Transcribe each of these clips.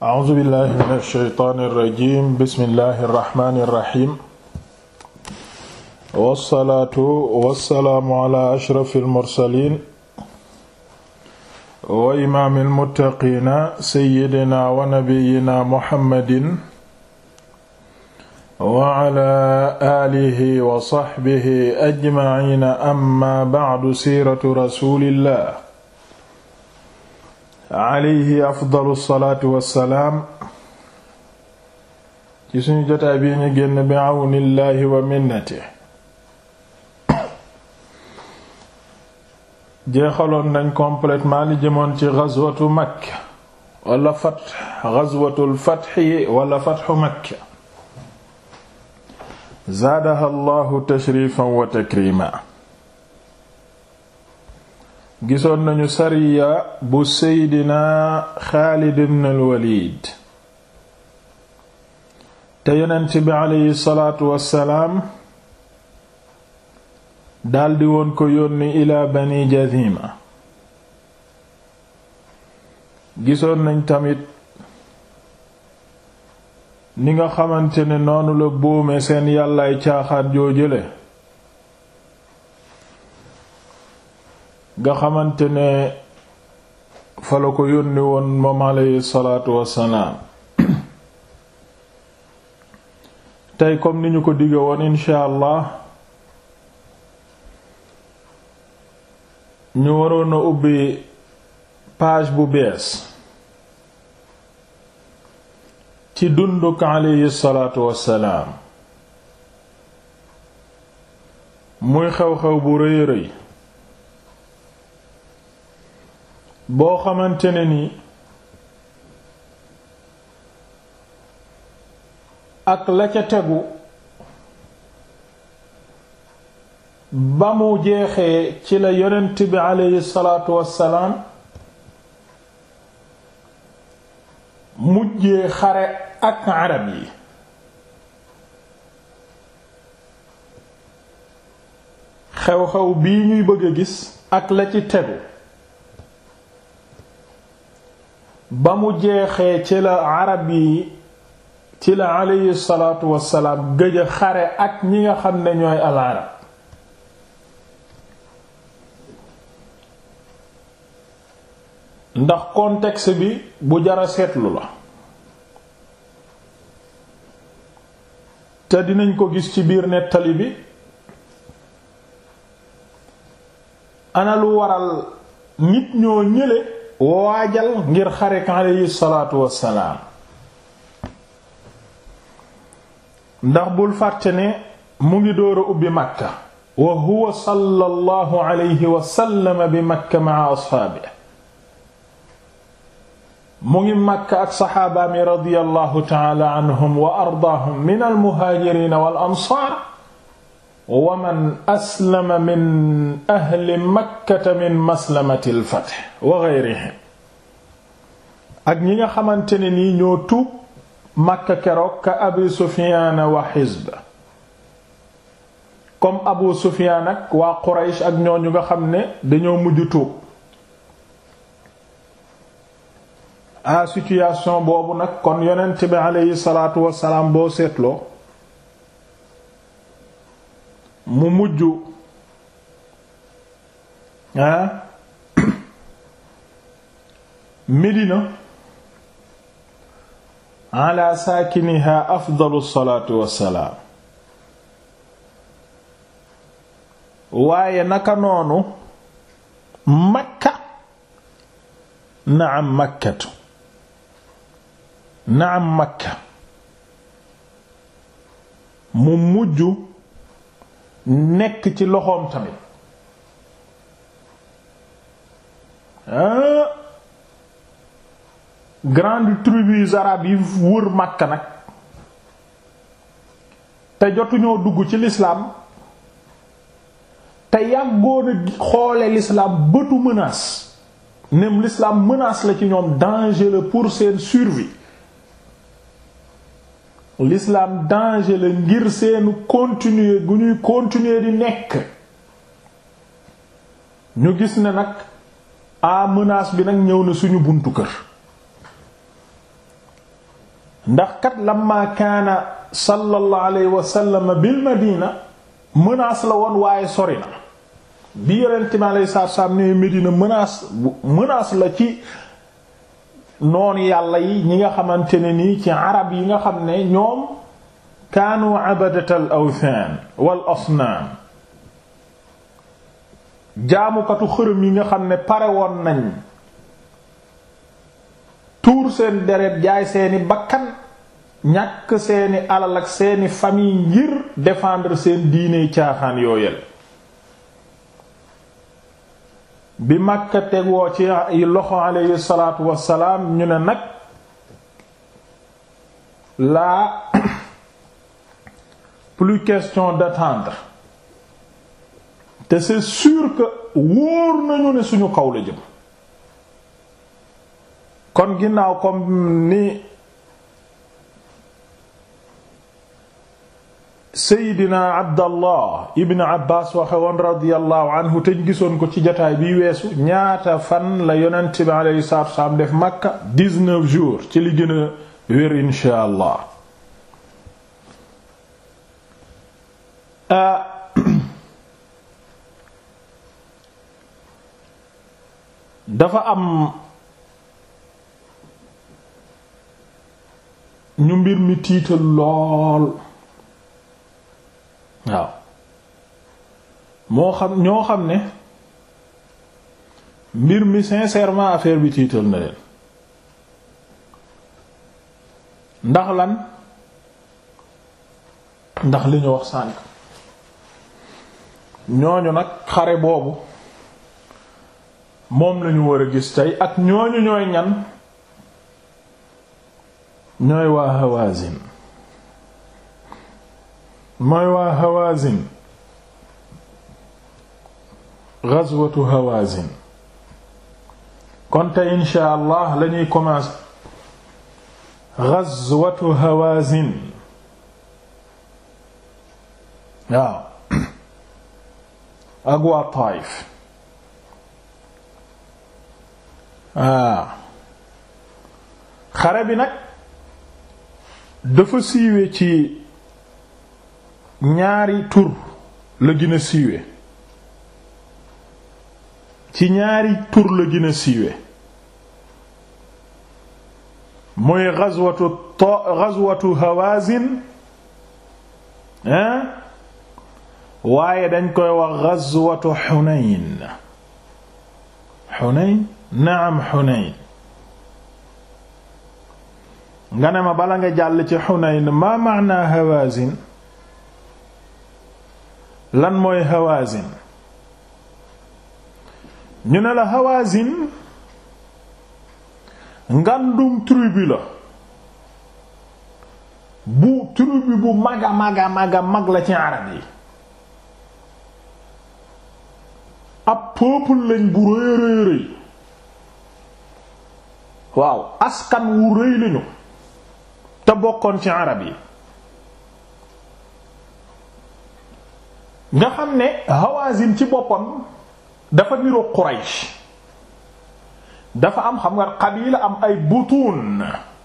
a'uuzu billahi mina shaytaani rajiim bismillahi rahmaani rahiim wassalaatu wassalaamu ala ashrafil mursaliin wa imaamil muttaqiina sayyidina wa nabiyyina muhammadin wa ala aalihi wa sahbihi ajmaciina amma ba'du siiratu rasuulillah alayhi afdalu salaatu wassalaam ci suñu jotaay bii ñu génn bi àwnillaahi wa minnati jeexaloon nañ complètement li jëmoon ci gazwatu makka wala fath gazwatul fath yi wala fathu makka zaadaha allahu tashrifan wa takrima gisoon nañu sariya bu seydina xaalid ibn alwalid te yonent bi aleyhi salaatu wassalaam daldi woon ko yónni ila bani jazima gisoon nañ tamit ni nga xamante ne noonu la boome seen yàllaay caaxaan joo jële nga xamante ne fa la ko yónni woon moom alayhi salaatu wassalaam tey comme ni ñu ko digge woon insha allah ñu waroon a ubbi page bu bees ci dunduk alayhi salaatu wassalaam muy xew-xew bu rëy rëy boo xamante ne ni ak la ca tegu ba mu jeexee ci la yonent bi aleyhi salaatu wassalaam mujjee xare ak arab yi xew-xew bii ñuy bëgg a gis ak la ci tegu ba mu jeexee ci la arab yi ci la aleyhi salaatu wassalaam gëj xare ak ñi nga xam ne ñooy al arab ndax contexte bi bu jara seetlu la te dinañ ko gis ci biir nettali bi analu waral nit ñoo ñële waajal ngir xare ko aleyhi salaatu wassalaam ndax bul fàtte mu ngi dóora ubbi makka wa huwa sallallahu alayhi wa sallam bi makka ma'a ashaabi mu ngi makka ak saxaabaami ta'ala anhum wa ardaahum min al muhaajiriin wal wa man aslama min ahli makkata min maslamati al-fath wa ghayrihim ak ñi nga xamante ne nii ñoo tuub makka keroog ka abi sufiyaana wa xisba comme abu sufiyaan ak waa quraysh ak ñooñu nga xam ne dañoo mujj tuub a situation boobu nag kon yonent bi aleyhi salaatu wasalaam boo seetloo mu mujj ah Medina ala saakiniha afdalu salaatu wassalaam waaye nakanoonu noonu makka naam makkatu naam makka mu mujj nekk ci loxoom tamit ah grande tribus arabes yi wër Makka nag te jotuñoo dugg ci lislaam te yàggoon a xoole l'islam bëtu menace nem l'islam menace la ci ñoom danger la pour seen survie lislaam danger ngir seenu continuer gu ñuy continuer di nekk ñu gis ne nag a menace bi nag ñëw na suñu buntu kër ndax kat lamma kaana sallallahu alayhi wa sallam bil madina menace la woon waaye sori na bi yonent mi alayhi salaam ne Medina menace menace la ci noonu yàlla yi ñi nga xamante ne nii ci arab yi nga xam ne ñoom kaanu abadatal awthan wal asnaam jaamukatu xërëm yi nga xam ne pare woon nañ tuur seen deret jaay seeni bakkan ñàkk seeni alal ak seeni famille ngir défendre seen diine caaxaan yooyel bi Makka tegoo ci loxo aleyhi salaatu wassalaam ñu ne nag la plus question d'attendre te c'est sûr que wóor nañu ne suñu kaw la jëm kon ginnaaw comme ni seydina abdallah ibn abbas waxe radiallahu anhu teñ gisoon ko ci jataay bi weesu ñaata fan la yonent bi aleyhi salaatu def màkka 19 ci li gën a allah ah, dafa am ñu mbir mi tiital lool moo xam ñoo xam ne mbir mi sincèrement affaire bi tiital na leen ndax lan ndax li ñu wax sànk ñooñu nag xare boobu moom lañu war a gis tey ak ñooñu ñooy ñan ñooy waa Hawazin mooy waa Hawazin ghazwatu hawazin kon tey allah lañuy commencer ghazwatu hawazin waaw ak waa Taayif waaw ah. xare bi nag dafa siiwe ci ñaari tur la gën a ci ñaari tur la gën a siiwe muy ghazwatu ghazwatu Hawazin hein waaye dañ koy wax ghazwatu Hunayn Hunayn naam Hunayn nga ne ma bala nga jàll ci Hunayn ma maana Hawazin lan mooy Hawazin ñu ne la Hawazin ngandum tribu la bu tribu bu mag a mag la ci arab yi ab peuple lañ bu rëy rëy rëy waaw askan wu rëy te bokkoon ci arab yi nga xam ne Hawazin ci boppam dafa niroog Quraysh dafa am xam nga am ay butuun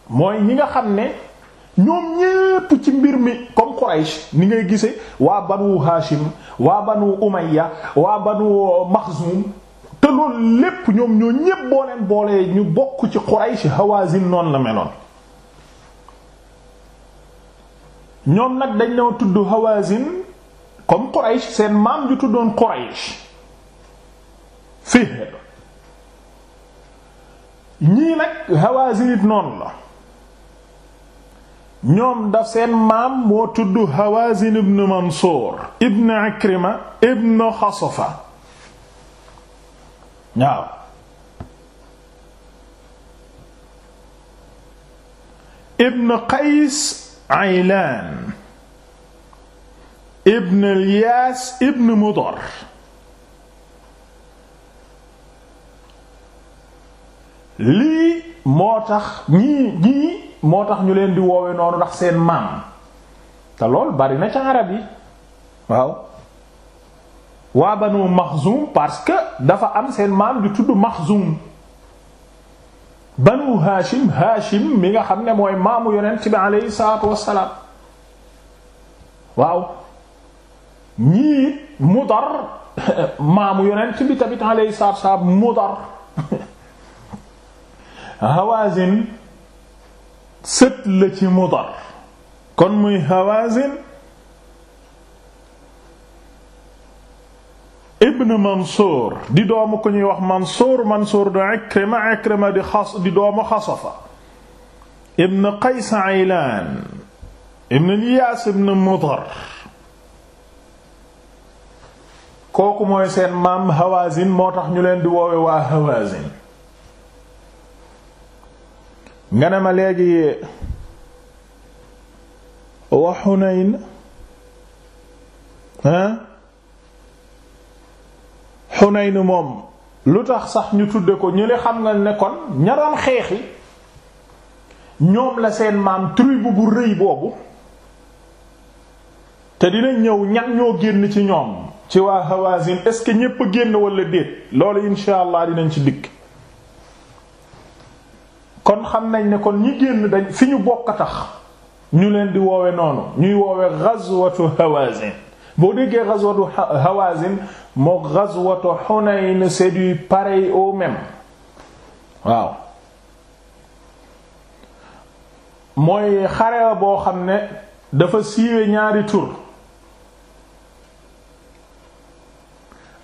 mooy ñi nga xam ne ñoom ñépp ci mbir mi comme Quraysh ni ngay gise waa banu Hashim waa banu Umayya waa banu Maxzum te loolu lépp ñoom ñoo ñépp boo leen boolee ñu bokk ci Quraysh Hawazin noonu la meloon ñoom nag dañ leen tudd Hawazin comme Quraysh seen maam ju tuddoon Quraysh fihr ñii nag hawaazin noonu la ñoom daf maam moo tudd Hawazin ibn Mansour ibn Ikrima ibn Xasafa waaw Qays Aylaan ibn Ilyas ibn Mudar lii moo tax ñii ñii moo tax ñu leen di woowe noonu ndax seen maam te lool bari na ca arab yi waaw waa banu maxzum parce que dafa am seen maam di tudd maxzum banu haashim haashim mi nga xam ne mooy maamu yonent bi aleyhi salaatu wassalaam waaw ñii mudar maamu yonent bi tamit aleyhi salaatu wassalaam mudar Hawazin sët la ci Mudar kon muy Hawazin ibn Mansour di doomu ku ñuy wax Mansour Mansour di Ikrima xas di doomu Xasafa ibn Qays Aylaan ibn Iyaas ibn Mudar kooku mooy seen maam Hawazin moo tax ñu leen di woowe waa Hawazin nga ne ma léegi wa Xunayn hein moom lu tax sax ñu tudde ko ñu li xam nga ne ña ñaram xeexi ñoom la seen maam tribu bu rëy boobu te dina ñëw ñan ñoo génn ci ñoom ci waa Hawazin est-ce que ñépp a génn walla déet loolu insha Allah dinañ ci dikk kon xam nañ ne kon ñi génn dañ fi ñu bokk a tax ñu leen di woowe noonu ñuy woowe ghazwatu Hawazin boo déggee ghazwatu Hawazin moo ghazwatu Hunayn c'est du pareil au même waaw mooy xare la boo xam ne dafa siiwe ñaari tur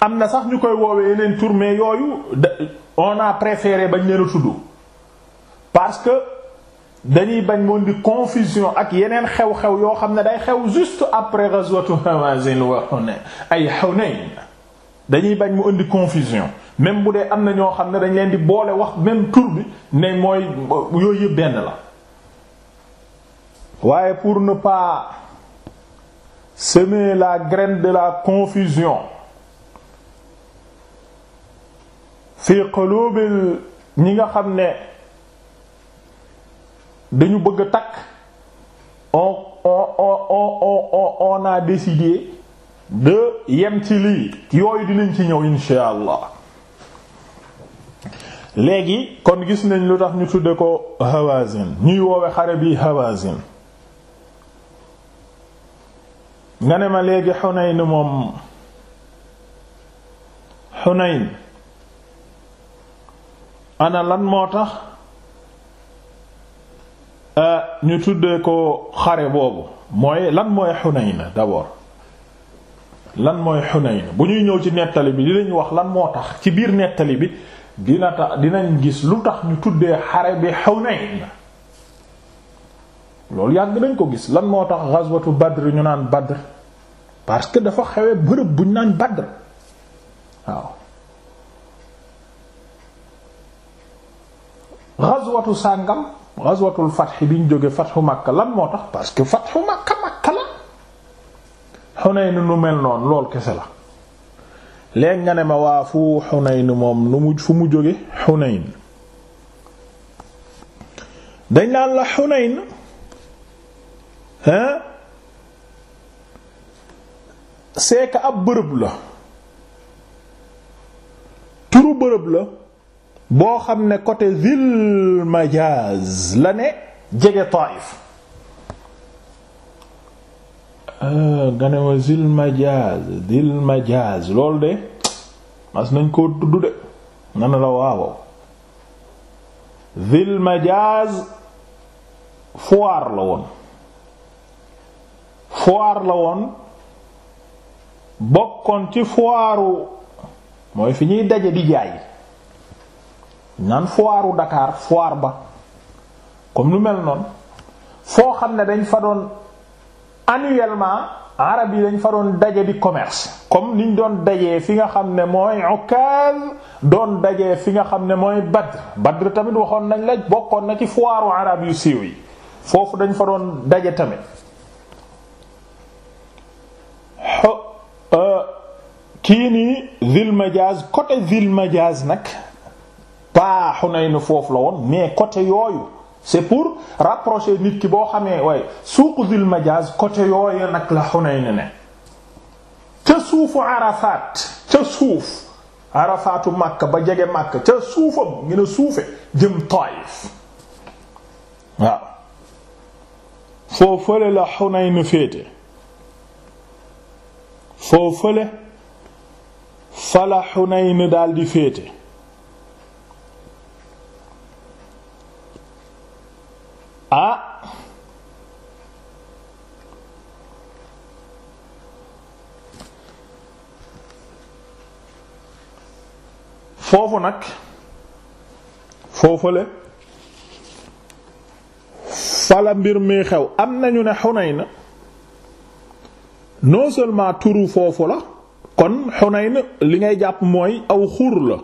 am na sax ñu koy woowe yeneen tur mais yooyu on a préféré bañ leen a tudd parce que dañuy bañ moon di confusion ak yeneen xew-xew yoo xam ne day xew juste après ghazwatu Hawazin wa Hunayn ay Hunayn dañuy bañ mu indi confusion même bu dee am na ñoo xam ne dañ leen di boole wax même tur bi ne mooy yooyu yëpp benn la waaye pour ne pas semer la graine de la confusion fi qulubil ñi nga xam ne dañu bëgg a takk on on on on on a décidé de yem ci lii yooyu dinañ ci ñëw insha allah léegi kon gis nañ lu tax ñu tudde ko Hawazin ñuy woowe xare bi Hawazin nga ne ma léegi Hunayn moom Hunayn ana lan moo tax Euh, ñu tuddee ko xare boobu mooy lan mooy Xunayn d'abord lan mooy Xunayn bu ñuy ñëw ci nettali bi dinañ wax lan moo tax ci biir nettali bi dina tax dinañ gis lu tax ñu tuddee xare bi Xunayn loolu yàgg nañ ko gis lan moo tax ghazwatu Badr ñu naan Badr parce que dafa xewee bërëb bu ñu naan Badr waaw ghazwatu sàngam ghazwatul fath bi ñu jóge fathu Makka lan moo tax parce que fathu Makka Makka la Hunayn nu mel noon lool kese la léegi nga ne ma waa fu Hunayn moom nu mu fu mu jóge Hunayn dañ naan la Hunayn hein c'est ab bërëb la turu bërëb la boo xam ne côté Zil Majaz la ne jege Taif ah, nga ne ma Zil Majaz Zil Majaz loolu de mas nañ koo tudd de nana la waawaw Zil Majaz foire la woon foire la woon bokkoon ci foiru mooy fi ñuy daje di jaay naan foiru Dakar foir ba comme lu mel noon foo xam ne dañ fa doon annuellement arab yi dañ fa doon daje di commerce comme niñ doon daje fi nga xam ne mooy Ukaaz doon dajee fi nga xam ne mooy Badr Badr tamit waxoon nañ la bokkoon na ci foiru arab yu siiw yi foofu dañ fa doon daje tamit euh, kii nii Zil Majaz côté Zil Majaz nag pas Hunayn foofu la mais côté yooyu c'est pour rapprocher nit ki boo xamee waaye suuq dil majaz côté yooyu nag la Hunayn ne ca suufu Arafat ca suuf Arafatu Makka ba jege Makka ca suufam gën a suufe jëm Taif waaw foofale la Hunayn féete foofale fa la Hunayn daldi féete ah foofu nag foofu foofale fala mbir mi xew am nañu ne Xunayn non seulement turu foofu la kon Xunayn li ngay jàpp mooy aw xur la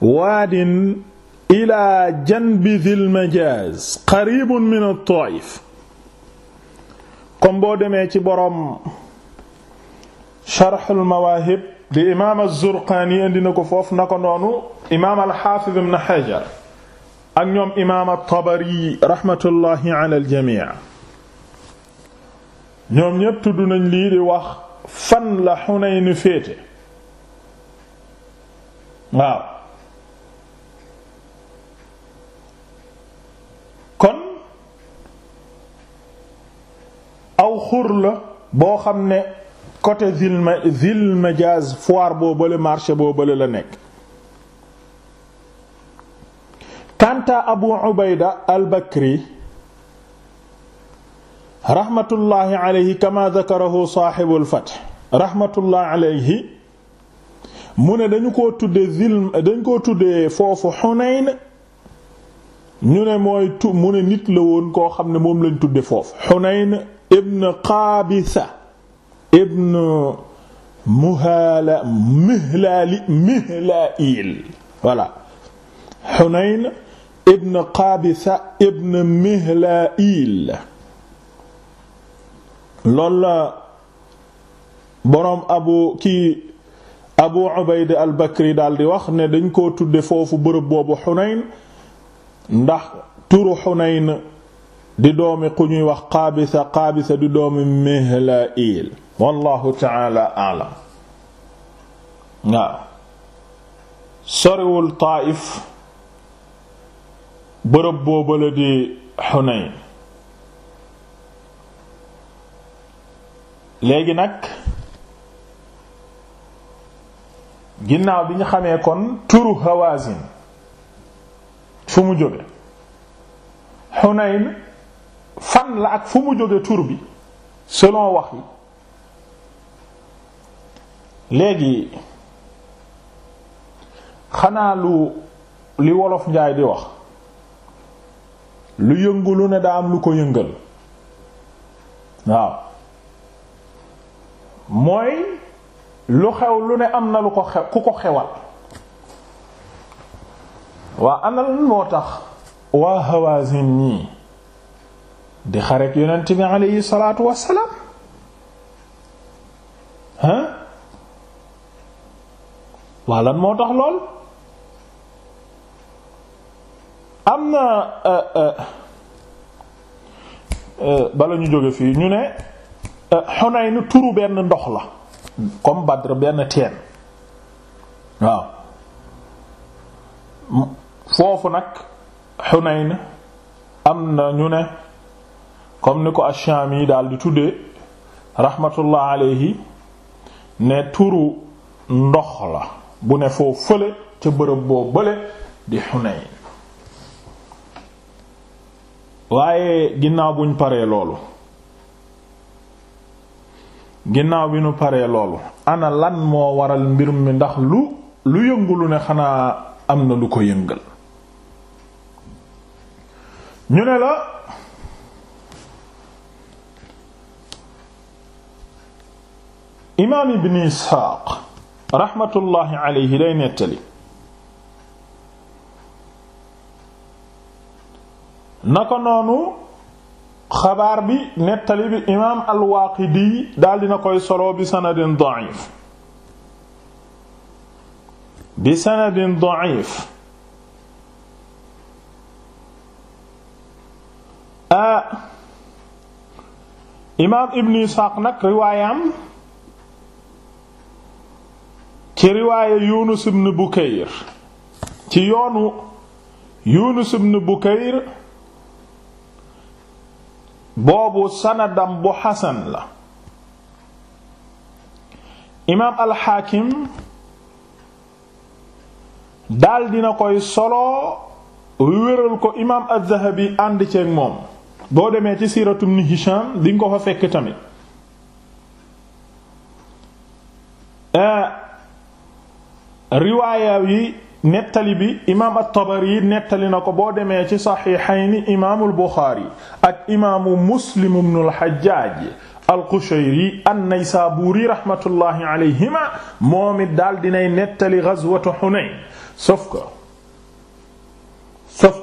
waadin ila janbi dhil majaaz qaribun min at-Taif comme boo demee ci boroom Sharh al-Mawaahib di imaam az-Zurqaani ko foofu na ko noonu imaam al-Haafiz ibn Hajar ak ñoom imaam at-Tabari rahmatullahi ala al-jamii' ñoom ñépp tudd nañ lii wax fan la Hunayn féete waaw aw xur la boo xam ne côté zilma zilmajaz foire boo bële marché boo bële la nekk kanta abu ubayda al bakri raxmatullaahi alayhi kama dakarahu saaxibul fath raxmatullaahi alayhi mu ne dañu ko tudde zilm dañ ko tuddee foofu xuneyn ñu ne mooy tu mu ne nit la woon koo xam ne moom lañ tudde foofu ibn Qaabisa ibn Muhaala Mihlaali Mihlaa'il voilà Hunayn ibn Qaabisa ibn Mihlaa'il loolu la boroom abu kii abu Ubayda al-Bakri daal di wax ne dañ koo tudde foofu bërëb boobu Hunayn ndax turu Hunayn di doomi ku ñuy wax qaabisa qaabisa di doomi mihlail wallahu taala alam waaw soriwul taaif bërëb boobale di xunayn léegi nag ginnaaw bi ñu xamee kon turu hawazin fu mu jóge xunayn fan la ak fu mu jóge tur bi selon wax yi léegi xanaa lu li wolof njaay di wax lu yëngu lu ne daa am lu ko yëngal waaw mooy lu xew lu ne am na lu ko xew ku ko xewal waa anal moo tax waa Hawazin ñii di xareek yonent bi aleyhi salaatu wassalaam hein waa lan moo tax lool am na eh, eh, eh, bala ñu jóge fii ñu ne Hunayn turu benn ndox la comme Badr benn teen waaw foofu nag Hunayn am na ñu ne comme ni ko ash-Shaami daal di tuddee rahmatullah alayhi ne turu ndox la bu ne foo fële ca bërëb boo bële di Hunayn waaye ginnaaw buñ paree loolu ginnaaw bi ñu paree loolu ana lan moo waral mbir mi ndax lu lu yëngu ne xanaa am na lu ko yëngal ñu ne la imaam ibn isxaaq raxmatullaahi alayhi day nettali na ko noonu xabaar bi nettali bi imaam alwaaqidi daldi na koy solo bi sanadin da'if bi sanadin da'if a ah, imaam ibn isxaaq nag riwaayam ci riwaaya Yunus ibn Bukayr ci yoonu Yunus ibn Bukayr boobu sanadam bu xasan la imaam alxaakim daal dina koy solo wéral ko imaam az-Zahabi ànd ceeg moom boo demee ci siiratu ibn Hisham dinga ko fa fekk tamit eh, riwaaya yi nettali bi imaam at nettali na ko boo demee ci saxiixayni imaamul Buxaari ak imaamu Muslim ibnul Hajjaaj al-Qushayri an-Naysaabuuri moom it daal dinay nettali gazwatu Hunayn sauf que sauf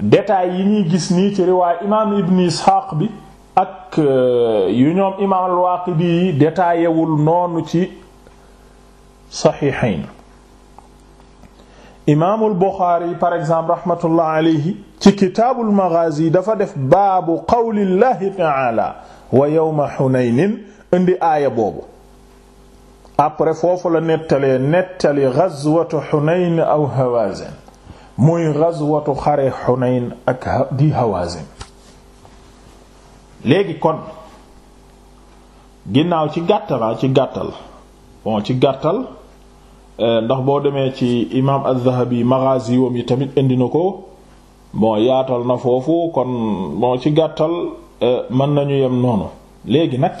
yi ñuy gis nii ci riwaaya imaam Ibn Isxaaq bi ak euh, yu noonu ci. saxiixayn imaamul Buxaari par exemple rahmatullah alayhi ci kitaabul maghaazi dafa def baabu qawlillahi ta'ala wa yawma hunaynin indi aaya boobu après foofu la nettalee nettali ghazwatu hunayn aw hawaazin muy ghazwatu xare hunayn ak di hawaazin léegi kon ginnaaw ci gàttal ci gàttal ci gàttal Euh, ndax boo demee ci imaam az-Zahabi maghazi wam yi tamit indi na ko bon yaatal na foofu kon moo ci gàttal euh, mën nañu yem noonu léegi nag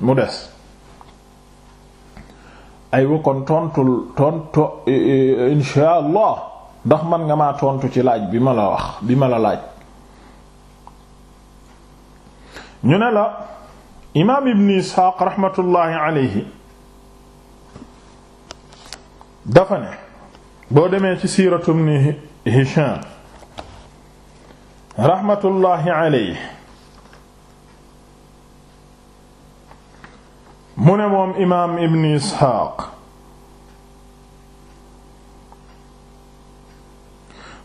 mu des aywa kon tontul tontu insha allah ndax man nga maa tontu ci laaj bi ma la wax bi ma la laaj ñu ne la imaam ibn Isxaaq raxmatullaahi alayhi dafa ne boo demee ci siiratu ibn Hisham raxmatullaahi alayhi mu ne moom imaam ibn Isxaaq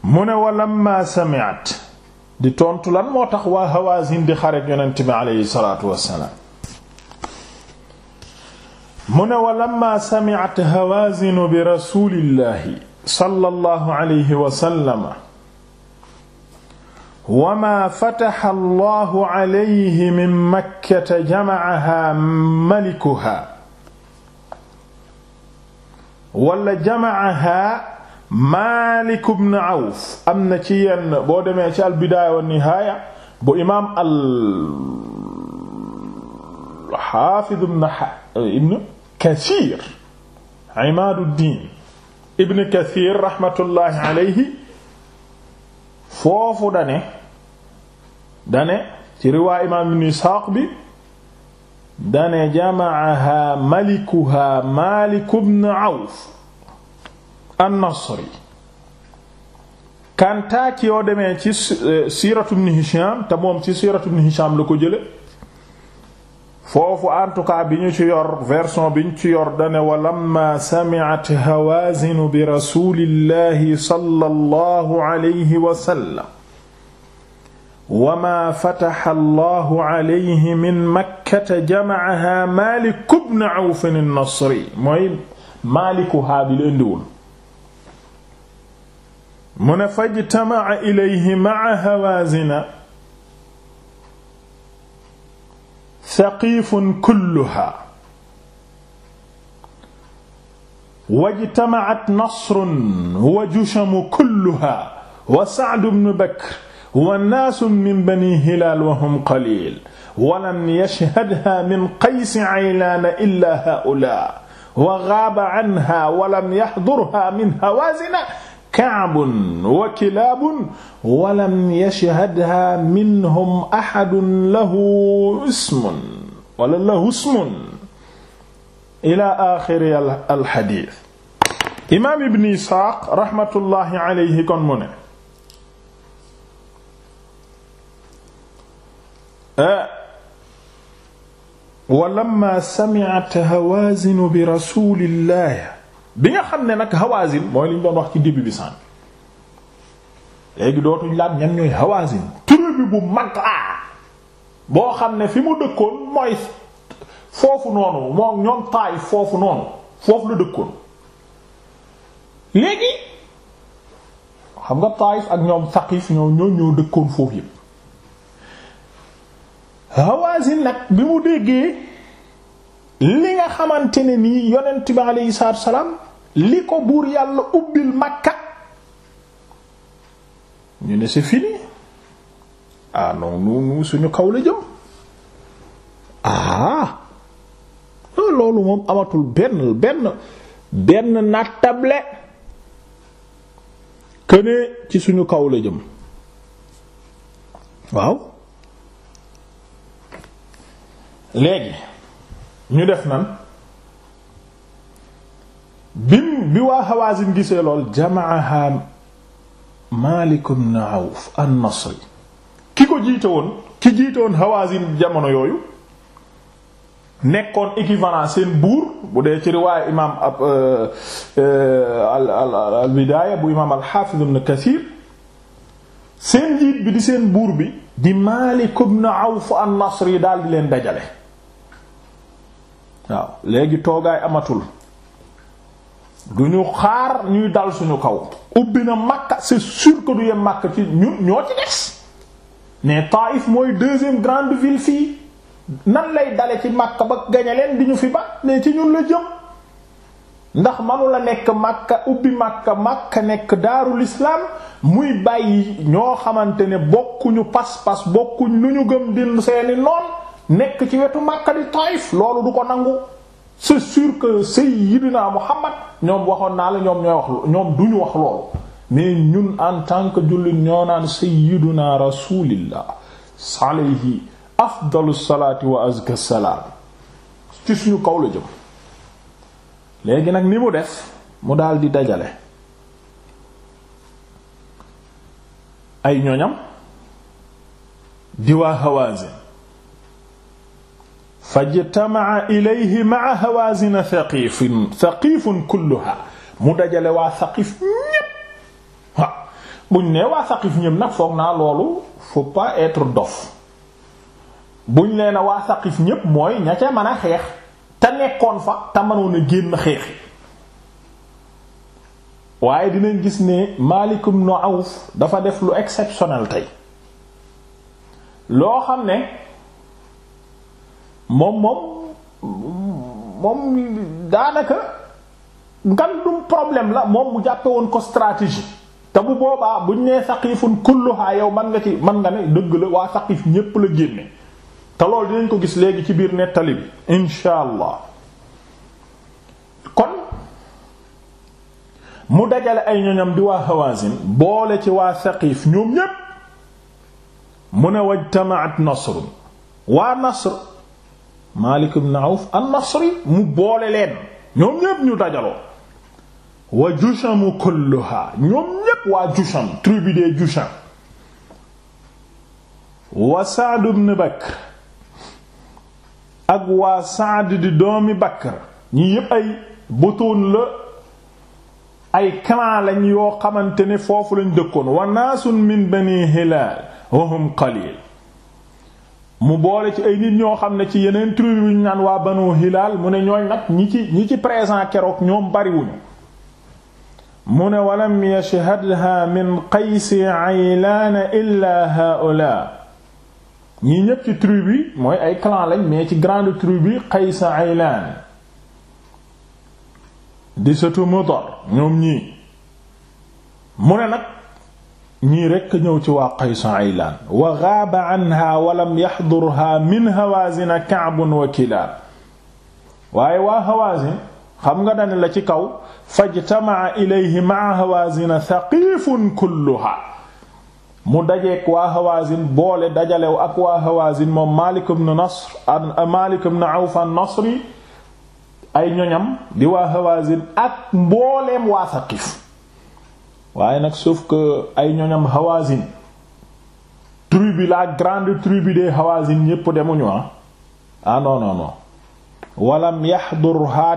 mu ne wa lamma di tontu lan moo tax waa Hawaazin di xareek yonent bi alayhi salaatu wassalaam mu ne wa lamma sami'at hawaazinu bi rasuulillahi sallallahu alayhi wa sallama wa maa fataha allahu alayhi min makkata jama'ahaa malikuhaa wala jama'ahaa maaliku bnu awf am na ci yenn boo demee ci albidaaya wa nihaaya bu imaam al xaafiz ibnu Kathir Imaaduddin Ibn foofu dane dane ci riwaay imaam Ibn Isxaaq bi dane jamaaha malikuha Maalik ibn Awf an-Nasri kantaa ki yoo demee ci eh, siiratu Ibn Hishaam te moom ci siiratu Ibn Hishaam la ko jële foofu en tout cas bi ñu ci yor version bi ñu ci yor dane wa lamma sami'at hawazin bi rasulillahi sallallahu alayhi wa sallam wa ma fataha allahu alayhi min makkata jama'aha Malik ibn Awf an-Nasri mooy maaliku haabi la indiwul mu ne fajtama'a ilayhi ma'a hawazina saqiifun kulluha wajtama'at nasrun wa jushamu kulluha wa sa'du bnu bakr wa naasun min bani hilaal wa hum qaliil walam yashhadha min qaysi caylaana illaa haa'ulaa'i wa gaaba canha walam yaxdurha min hawaazina kaabun wa kilaabun walam yashhadha minhum ahadun lahu ismun wala lahu ismun ila axiri alxadiis imaam ibn isxaaq raxmatullahi alayhi kon mu ne eh, walamma sami'at hawaazin bi rasuulillahi bi nga xam ne nag Hawazin mooy liñ doon wax ci début bi sànq léegi dootuñ laaj ñan ñooy Hawazin tribu bu mag boo xam ne fi mu dëkkoon mooy foofu noonu moom ñoom taay foofu noonu foofu la dëkkoon léegi xam nga Taayif ak ñoom Saqif ñoo ñoo ñoo dëkkoon foofu yëpp Hawazin nag bi mu déggee li nga xamante ne ni yonent bi aleyhi salaam li ko buur yàlla ubbil makka ñu ne c'est fini ah non nu nu suñu kaw la jëm ah loolu moom amatul benn benn benn nattable këne ci suñu kaw la jëm waaw léegi ñu def nan bim bi waa Hawazin gisee lool jamaaha Maalik ibn Awf an-Nasri ki ko jiite woon ki jiite woon Hawazin jamono yooyu nekkoon équivalent seen buur bu dee ci riwaayu imaam ab euh, euh, al al al bu imaam al-Haafiz ibn Kasiir seen jiit bi di seen buur bi di Maalik ibn Awf an-Nasri daal di leen dajale waaw toogaay amatul. duñu xaar ñuy dal suñu kaw ubbi na Makka c'est sûr que du yem ci ñu ñoo ci des mais Taïf mooy deuxième grande ville fii nan lay dale ci Makka ba gañe leen di ñu fi ba ne ci ñun la jëm ndax manu la nekk Makka ubbi Makka Makka nekk daarul islaam muy bàyyi ñoo xamante ne bokkuñu pas-pas bokkuñ lu ñu gëm din seeni noon nekk ci wetu Makka di Taïf loolu du ko nangu c'est sûr que Seyyidina Muhammad ñoom waxoon naa la ñoom ñooy wax ñoom duñu wax loolu mais ñun en tant que jullit ñoo naan Seyyidina Rasulillah alayhi afdalu salaati wa azka salaam ci suñu kaw la jëm léegi nag ni mu def mu daal di dajale ay ñoñam di Hawazin fajtama'a ilayhi ma'a hawaazina thaqifin thaqifun kulluha mu dajale waa thaqif ñépp waaw buñ nee waa thaqif ñépp nag foog naa loolu faut pas être dof buñ nee na waa thaqif ñépp mooy ña ca mën a xeex te nekkoon fa te mënoon a génn xeexi waaye dinañ gis ne Maalik ibn Awf dafa def lu exceptionnel tey loo xam ne moom moom moom daanaka ngandum problème la moom mu jàppe woon ko stratégie te bu boobaa buñ nee saqifun kulluha yow man nga ci man nga ne dëgg la waa saqif ñépp la génne te loolu dinañ ko gis léegi ci biir nettali bi insha kon mu dajale ay ñoñam di waa Hawazin boole ci waa saqif ñoom ñépp mu ne wajtamaat nasrun waa nasr Malik ibn Auf an mu boole leen ñoom ñépp ñu dajaloo wa Jushamu kulluha ñoom ñépp waa Jusham tribu Jusham wa Sa'd ibn Bakr ak waa Sa'd di doomi Bakr ñi yépp ay butuun la ay clan lañ yoo xamante ne foofu lañ dëkkoon wa naasun min bani Hilaal wa hum mu boole ci ay nit ñoo xam ne ci yeneen tribu ñu naan waa Banu Hilaal mu ne ñooñ nag ñi ci ñi ci présent keroog ñoom bariwuñu mu ne walam yashhadha min Qaysi Aylaan illa haa'ulaa ñi ñépp ci tribu mooy ay clan lañ mais ci grande tribu Qays Aylaan di sëtu Mudar ñoom ñii mu ne nag ñii rekk ñëw ci waa Qays Aylaan wa gaaba anha wa lam yaxdurha min Hawaazin Ka'b wa Kilaab waaye waa Hawaazin xam nga dane la ci kaw fajtama'a ilayhi ma'a Hawaazin Saqiifun kulluha mu dajeek waa Hawaazin boole dajalew ak waa Hawaazin moom Maalik ibn Nasr Maalik ibn Awf an-Nasri ay ñoñam di waa Hawaazin ak mbooleem waa Saqiif waaye nag sauf que ay ñoñam Hawazin tribu la grande tribu des Hawazin ñépp demuñu ah ah non non non walam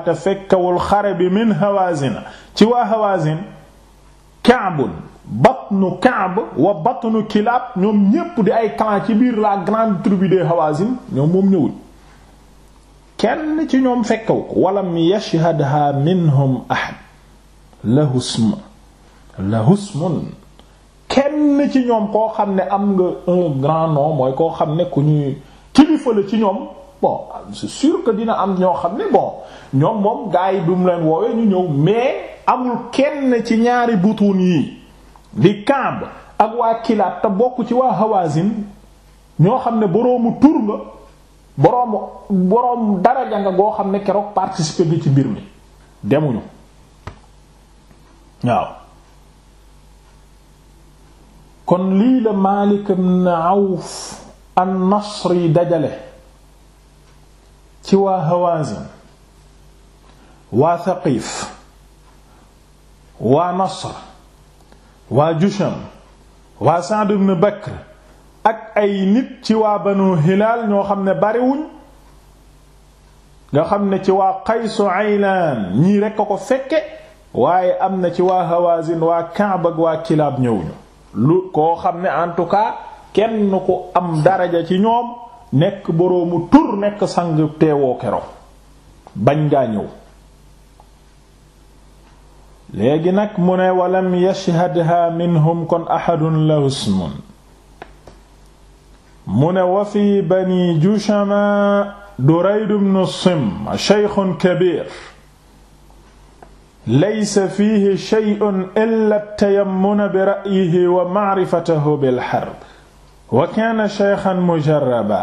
te fekkewul xare bi min Hawazin ci waa Hawazin Kaabun batnu Kaab wa batnu Kilaab ñoom ñépp di ay clan ci biir la grande tribu des Hawazin ñoom moom ñëwul kenn ci ñoom fekkewu ko walam yashhadha minhum ahad lahu ismu la husmun kenn ci ñoom koo xam ne am nga un grand nom mooy koo xam ne ku ñuy kilifa la ci ñoom bon c'est sûr que dina am ñoo xam ne bon ñoom moom gars yi du leen woowee ñu ñëw mais amul kenn ci ñaari butuun yi di Kaab ak waa Kilaab te bokk ci waa Hawazin ñoo xam ne boroomu tur nga boroomu boroomu daraja nga goo xam ne keroog participer bi ci mbir mi demuñu waaw. kon lii la Maalik ibn Awf an-Nasri dajale ci waa Hawaazin waa Saqiif waa Nasr waa Jusham waa Sa'd ibn Bakr ak ay nit ci waa Banu Hilaal ñoo xam ne bariwuñ nga xam ne ci waa Qays Aylaan ñii rekk a ko fekke waaye am na ci waa Hawaazin waa Ka'b ak waa Kilaab ñëwuñu lu koo xam ne en tout cas kenn ku am daraja ci ñoom nekk boroomu tur nekk sang teewoo kero bañ ngaa ñëw léegi nag mu ne walam yashhadha minhum kon ahadun lahu ismun mu ne wa fi bani jushama durayd ibn sim shaykhun kabir laysa fiihi shay'un illa tayammuna bi ra'yihi wa ma'rifatahu bil harb wa kaana shaykhan mujarraba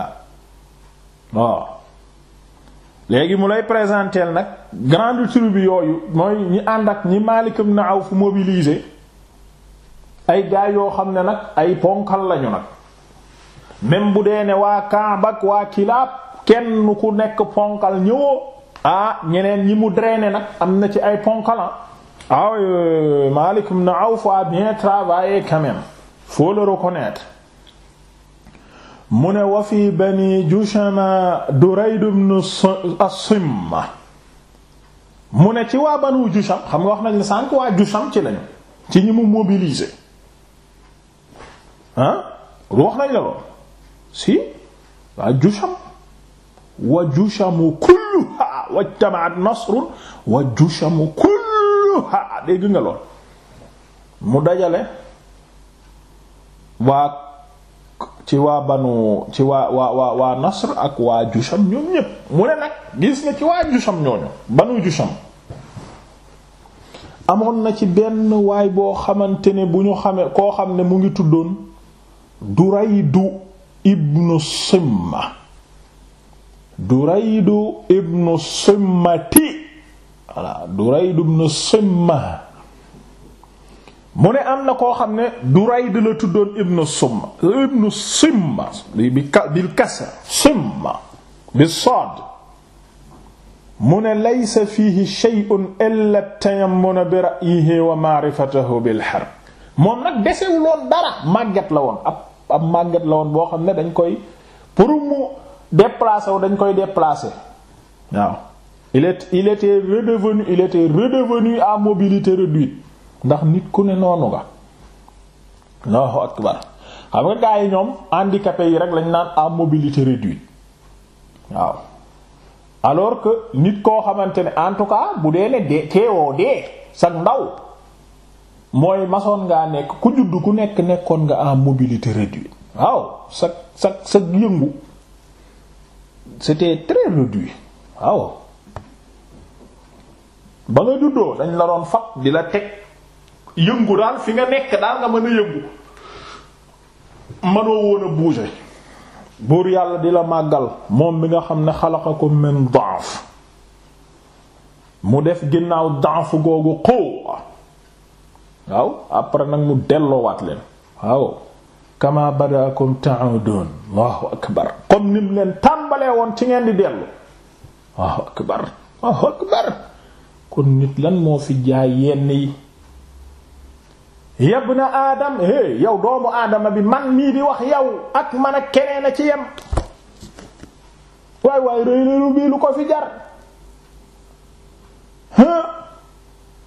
léegi mu lay présenter nag grande tribu yooyu mooy ñi ànd ak ñi Maalik ibn Awf mobiliser ay gaay yoo xam ne nag ay ponkal lañu nag même bu dee ne waa Kaab waa Kilaab kenn ku nekk ponkal ñëwoo ah ñeneen ñi mu drainer nag am na ci ay ponkalan aw ah euh, Malik ibn Awf a bien travaillé quand même faut le reconnaître mu ne wa fi bani Jushama Durayd ibn as-Simma mu ne ci waa banu Jusham xam nga wax nañ ne sànq waa Jusham ci lañu ci ñi mu mobiliser ah lu wax nañ la lool si waa Jusham wa Jushamu kulluha kulluha wajtamaat nasrun wa jushamu kulluha dégg nga lool mu dajale waa ci waa banu ci waa waa waa nasr ak waa jusham ñoom ñépp mu ne nag gis nga ci waa jusham ñooñu banu jusham amoon na ci benn waay boo xamante ne bu ñu xamee koo xam ne mu ngi tuddoon du Duraydu ibnu Simma duraydu ibnu simmati voilà duraydu ibnu simma mu ne am na koo xam ne durayd la tuddoon ibnu summa ibnu simma bil kasra simma bi saad mu ne laysa fiihi shay'un illa tayammun bi ra'yihi wa ma'rifatuhu bil harb moom nag desewuloon dara màgget la woon ab màgget la woon boo xam ne dañ koy pour mu déplacé wu dañ koy déplacé waaw il est il était redevenu il était redevenu à mobilité réduite ndax nit ku ne noonu nga Allahu akbar xam nga gaa yi ñoom handicapé yi rek lañ naan à mobilité réduite waaw alors que nit koo xamante ne en tout cas bu dee ne dee teewoo dee sag ndaw mooy masoon ngaa nekk ku judd ku nekk nekkoon nga en mobilité réduite waaw sag sag sag yëngu c'était très réduit waaw ba nga juddoo dañ la doon fab di la teg yëngu daal fi nga nekk daal nga mën a yëngu mënoo woon a bouger buur yàlla di la màggal moom mi nga xam ne ko min da'f mu def ginnaaw da'f googu quwwa waaw après nag mu delloowaat leen waaw kama badaakum ta'udun allahu akbar comme nim leen tàmbalee woon ci ngeen di dellu waaw akbar waaw akbar kon nit lan moo fi jaay yenn yi yab na hé yow doomu aadama bi man mii di wax yaw ak man ak keneen a ci yem waay waay rëy rëylu bii lu ko fi jar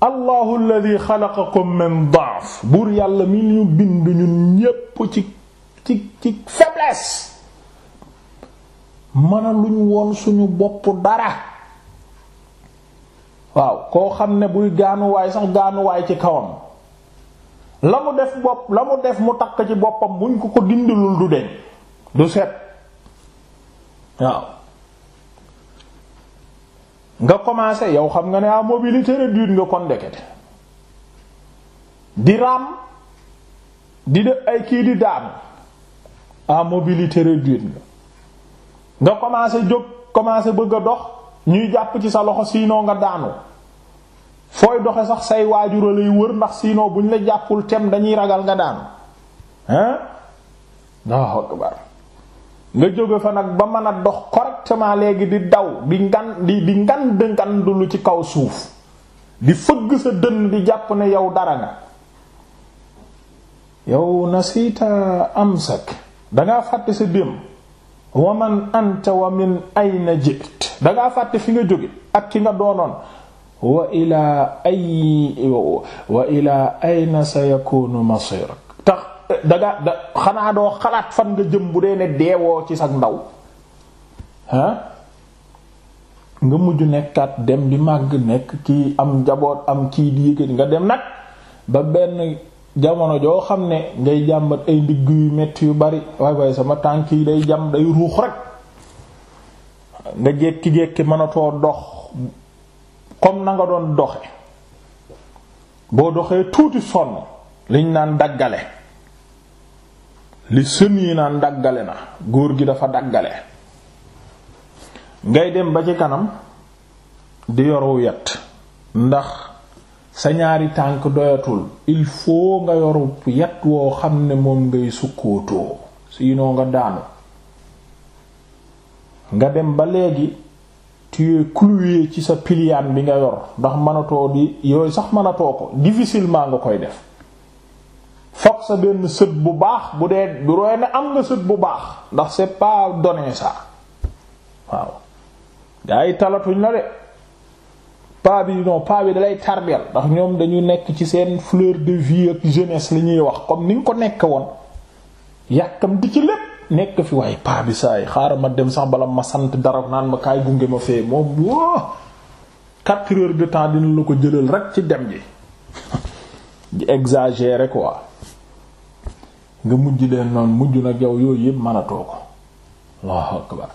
allahu alladi xalaqakum min daaf buur yàlla mi ñu bind ñun ñépp ci ci ci faiblesse mëna luñ woon suñu bopp dara waaw koo xam ne buy gaanuwaay sax gaanuwaay ci kawam la mu def bopp la mu def mu takk ci boppam buñ ko ko dindilul du deñ du set waaw nga commencé yow xam nga ne à ah mobilité réduite nga kon ndekete di raam di def ay kii di daam à ah mobilité réduite nga nga commencé jóg commencé bëgg a dox ñuy jàpp ci sa loxo siinoo nga daanu fooy doxe sax say waajur lay wër ndax sinon buñ la jàppul tem dañuy ragal nga daanu hein waaw akbar nga jóge fa nag ba mën a dox correctement léegi di daw di ngan di ngandu lu ci kaw suuf di fëgg sa dënn di jàpp ne yow dara nga yow nasiita amsak dangaa fàtte sa démb waman man anta wa min ayna ji'ta dangaa fàtte fi nga jóge ak ki nga doonoon wa ilaa ay wa ilaa ayna sayakunu masirak tax dangaa da xanaa doo xalaat fan nga jëm bu dee ne deewoo ci sag ndaw ah nga mujj nekkaat dem di màgg nekk kii am njaboot am kii di yëkkati nga dem nag ba benn jamono joo xam ne ngay jàmbat ay ndigg yu metti yu bari waay waay sama tànk yi day jam day ruux rek nga jékki-jékki mënatoo dox comme na nga doon doxe boo doxee tuuti sonn liñ naan daggale li sën yi naan daggale na góor gi dafa daggale ngay dem ba ci kanam di yoru yet ndax sa ñaari tànk doyatul il faut nga yoru yat woo xam ne moom ngay sukkootoo sinon nga daanu nga dem ba léegi tu es ci sa piliane bi nga yor ndax mënatoo di yooyu sax mënatoo ko difficilement nga koy def fokk sa benn sët bu baax bu dee du roy am na sët bu baax ndax c'est pas donné ça waaw gaa yi talatuñ la de paa bi non paa bi dalay tarbiyal ndax ñoom dañu nekk ci seen fleur de vie ak jeunesse li ñuy wax comme ni nga ko nekk woon yàkkam di ci lépp nekk fi waaye paa bi saa yi xaaral ma dem sax bala ma sant dara naan ma kaay gunge ma fee moom woo quatre heures de temps dina la ko jëlal rek ci dem ji di exagérer quoi nga mujj leen noonu mujj nag jaw yooyu yëpp manatoo ko Allahu akbar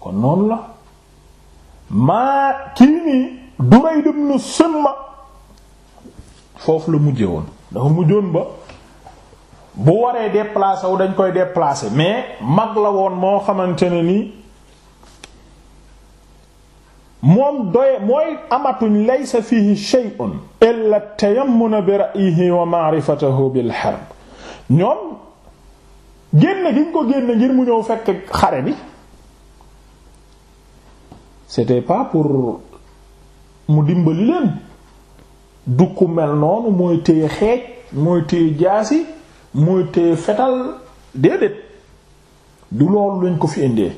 kon noonu la maa kii nii Durayd ibn Simma foofu la mujje woon dafa mujjoon ba bu waree déplacé wu dañ koy déplacé mais mag la woon moo xamante ne nii moom doye mooy amatuñ laysa fihi shay'un illa tayammuna bi ra'yihi wa ma'rifatahu bil harb ñoom génn gi ko génn ngir mu ñëw fekk xare bi c'était pas pour mu dimbali leen du ku mel noonu mooy téye xeej mooy téye jaasi mooy téye fetal déedéet du loolu lañ ko fi indee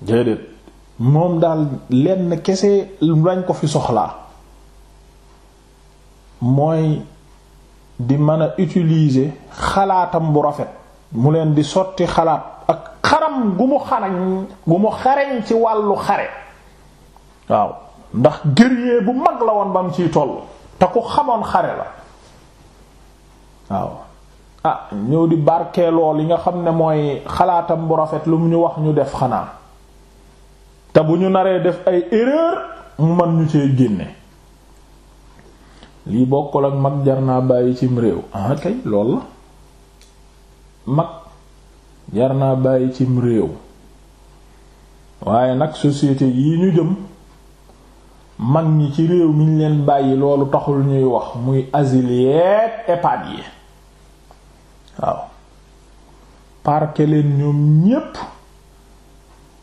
déedéet moom daal lenn kese lañ ko fi soxlaa mooy di mën a utiliser xalaatam bu rafet mu leen di sotti xalaat ak xaram gu mu xarañ gu mu xarañ ci wàllu xare waaw ndax guerrier bu mag la woon ba mu ciy toll te ku xamoon xare la waaw ah ñëw di barkeeloo li nga xam ne mooy xalaatam bu rafet lu mu ñu wax ñu def xanaa te bu ñu naree def ay erreur mu mën ñu cee génne lii bokkul ak mag jar naa bàyyi cim réew ah kay lool la mag jar naa bàyyi cim réew waaye nag société yi ñu jëm mag ñi ci réew mi ñu leen bàyyi loolu taxul ñuy wax muy asile yeeg EHPAD yi waaw parqué leen ñoom ñépp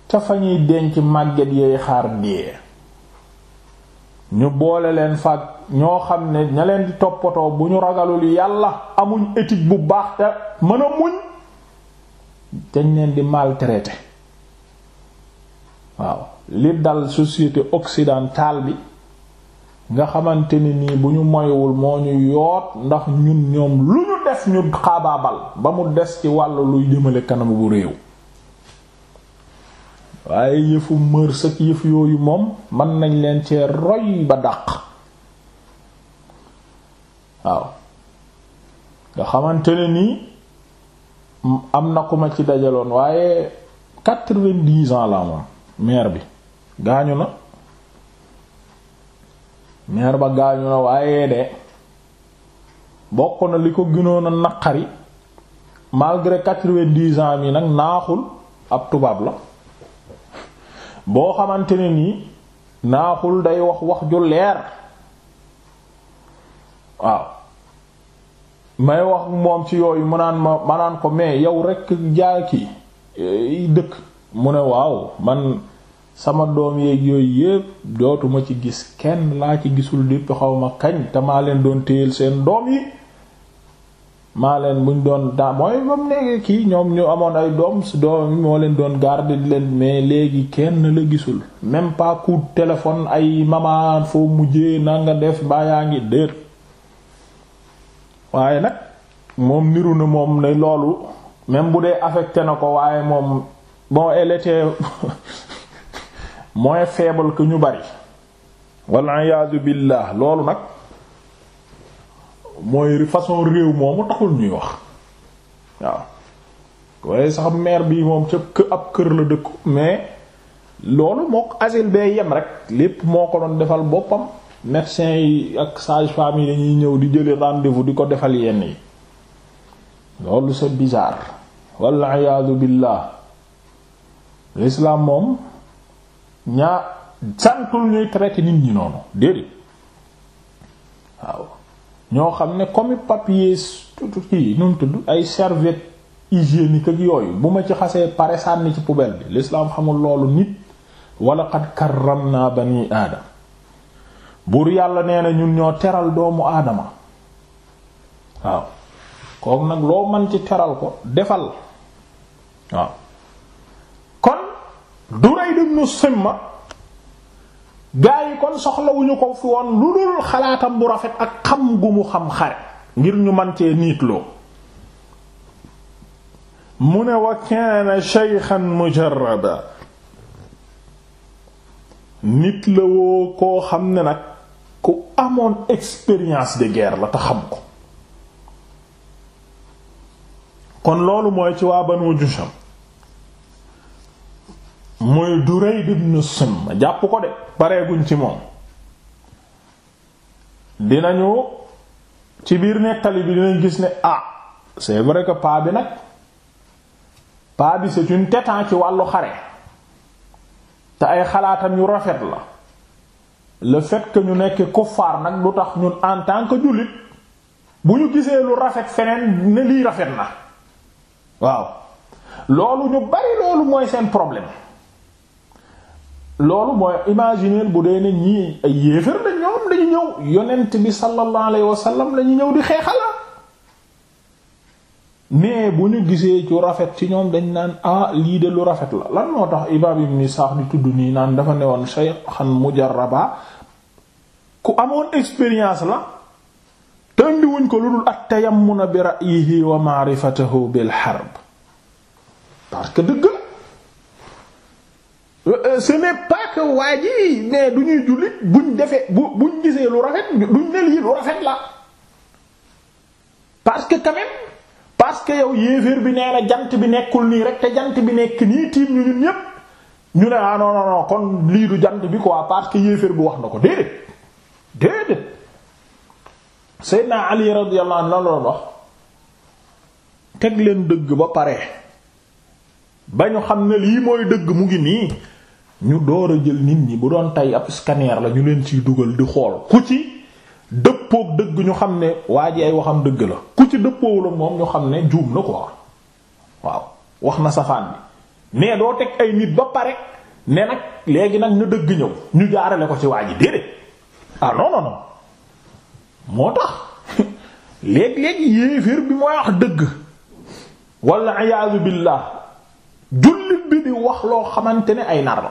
ca fa ñuy denc màgget yeey xaar dee ñu boole leen fag ñoo xam ne ña leen di toppatoo bu ñu ragalul yàlla amuñ éthique bu baax te mën a muñ dañ leen di maltraité waaw li dal société occidentale bi nga xamante ni nii bu ñu moywul moo ñu yoot ndax ñun ñoom lu ñu def ñu xaabaabal ba mu des ci wàll luy jëmale kanam bu réew waaye yëfu mërs ak yëf yooyu moom mën nañ leen ci roy ba daq waaw nga xamante nii am na ku ma ci dajaloon waaye quatre-vingt-dix ans la moom maire bi gaañu na maire ba gaañu na waaye de bokk na li ko gënoon a naqari malgré quatre-vingt-dix ans mi nag naaxul ab tubaab la boo xamante ne nii naaxul day wax wax ju leer waaw may wax moom ci yooyu mu naan ma ma naan ko mais yow rekk jaa kii eh, dëkk mu ne waaw man sama doom yeeg yooyu yépp dootuma ci gis kenn laa ci gisul dépp xaw ma kañ te maa leen doon téyel seen doom yi maa leen buñ doon daa mooy ba nekkee kii ñoom ñu amoon ay doom si doom yi moo leen doon garder di leen mais léegi kenn la gisul même pas coup téléphone ay maman foo mujjee na def mbaa yaa ngi déet waaye nag moom niru na moom la loolu même bu dee affecté na ko waaye moom bon elle était moins faible ñu bari walla iyaadu loolu nag mooy façon réew moomu taxul ñuy wax waaw waaye sax maire bi moom ca kë ab kër la dëkku mais loolu moo ko asile bee yem rek lépp moo ko doon defal boppam médecins yi ak sages-femmes yi dañuy ñëw di jëli rendez-vous di ko defal yenn yi loolu c'est bizarre wal iyaadu billah l'islam moom ñaa santul ñuy traiter nit ñi noonu déedéet waaw ñoo xam ne comme papier kii nu mu tudd ay serviette hygiénique ak yooyu bu ma ci xasee pare sànni ci poubelle bi l'islam xamul loolu nit wala qad karramna bani aadam buur yàlla nee na ñun ñoo teral doomu aadama waaw kooku nag loo man ci teral ko defal waaw kon Durayd ibn Simma gaa yi kon soxlawuñu ko fi woon lu dul xalaatam bu rafet ak xam gu mu xam xare ngir ñu man cee niitloo mu ne wa kaana shaykhan mujarraba nit la woo koo xam ne nag ku amoon expérience de guerre la te xam ko kon loolu mooy ci waa Banu Jusham muy Durayd ibn Simma jàpp ko de bareeguñ ci moom dinañu ci biir nettali bi dinañ gis ne ah c'est vrai que paa bi nag paa bi c'est une tétan ci wàllu xare te ay xalaatam yu rafet la le fait que ñu nekk kuffaar nag lu tax ñun en tant que jullit bu ñu gisee lu rafet feneen ne lii rafet na waaw loolu ñu bari loolu mooy seen problème loolu mooy imaginer bu dee ne ñii ay yéefar la ñoom dañu ñëw yonent bi sallallahu alayhi wa sallam lañu ñëw di xeexal mais bu ñu gisee ci rafet ci ñoom dañ naan ah lii de lu rafet la lan moo tax imaam ibn Isaaq di tudd nii naan dafa newoon shaykhan mujarraba ku amoon expérience la tëndiwuñ ko lu dul at-tayammun bi ra'yihi wa ma'rifatihi bil harb parce que dëgg la euh, euh, ce que waa ji ne du ñuy jullit buñ defee bu buñ gisee lu rafet duñ ne lii lu rafet la parce que quand parce que yow yéeféer bi nee na jant bi nekkul nii rek te jant bi nekk nii tiim ñu ñun ñépp ñu ne ah non non kon lii du jant bi ko parce que yéeféer bu wax na ko déedéet déedéet Seydina Ali radiyallahu anhu teg leen dëgg ba pare ba ñu xam ne lii mooy dëgg mu ngi nii ñu door a jël nit ñi bu doon tey ab scanner la ñu leen ciy dugal di xool ku ci dëppook dëgg ñu xam ne waa ji ay waxam dëgg la ku ci dëppoowul ak moom ñu xam ne juum na quoi waaw wax na safaan bi mais doo teg ay nit ba pare ne nag léegi nag ñu dëgg ñëw ñu jaarale ko ci waa ji déedéet ah non non moo tax léeg-léeg yéeféer bi mooy wax dëgg walla iyaazu billaah jullit bi di wax loo xamante ne ay nar la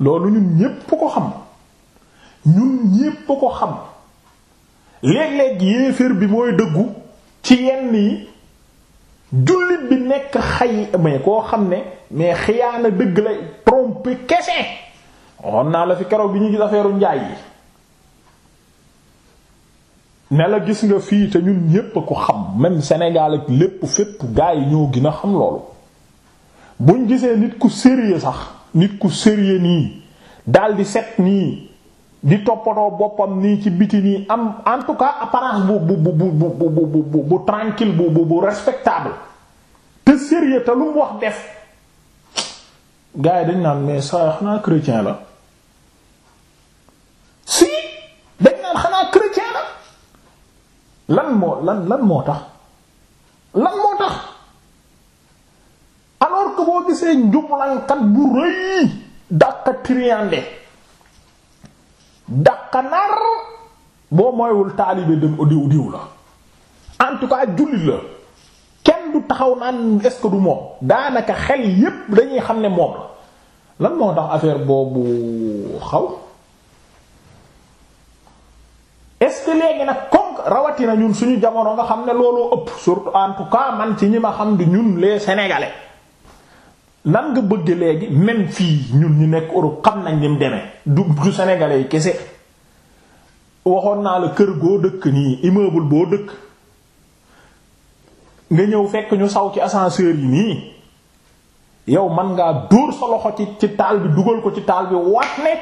loolu ñun ñépp ko xam ñun ñépp a ko xam léeg-léeg yéeféer bi mooy dëggu ci yenn yi jullit bi nekk xay mais koo xam ne mais xiyaana dëgg lay tromper kese waxoon naa la fi keroog bi ñu gis affaire njaay yi ne la gis nga fii te ñun ñépp a ko xam même Sénégal ak lépp fépp gaa yi ñoo gën a xam loolu buñ gisee nit ku sérieux sax nit ku sérieux nii daldi set nii di toppatoo boppam nii ci biti nii am en tout cas apparence bu bu bu bu bu bu bu tranquille bu bu respectable te sérieux te lu mu wax def gars yi dañ naan mais sa xanaa chrétien la si dañ naan xanaa chrétien la lan moo lan lan moo tax lan moo tax alors que boo gisee njublankat bu rëy dàq triande daqanar boo moywul taalibe dem diw la en tout cas jullit la kenn du taxaw naan est du moom daanaka xel yépp dañuy xam ne moom la lan moo tax affaire boobu xaw est-ce que léegi nag comme rawatina ñun suñu jamono nga xam ne looloo ëpp surtout en tout man ci ñi ma xam di ñun lee sénégalais. nan nga bëgg léegi même fii ñun ñu nekk Europe xam nañ ni mu demee du du sénégalais kese waxoon naa la kër goo dëkk nii immeuble boo dëkk nga ñëw fekk ñu saw ci ascenseur yi nii yow man ngaa dóor sa loxo ci ci taal bi dugal ko ci taal bi wat ne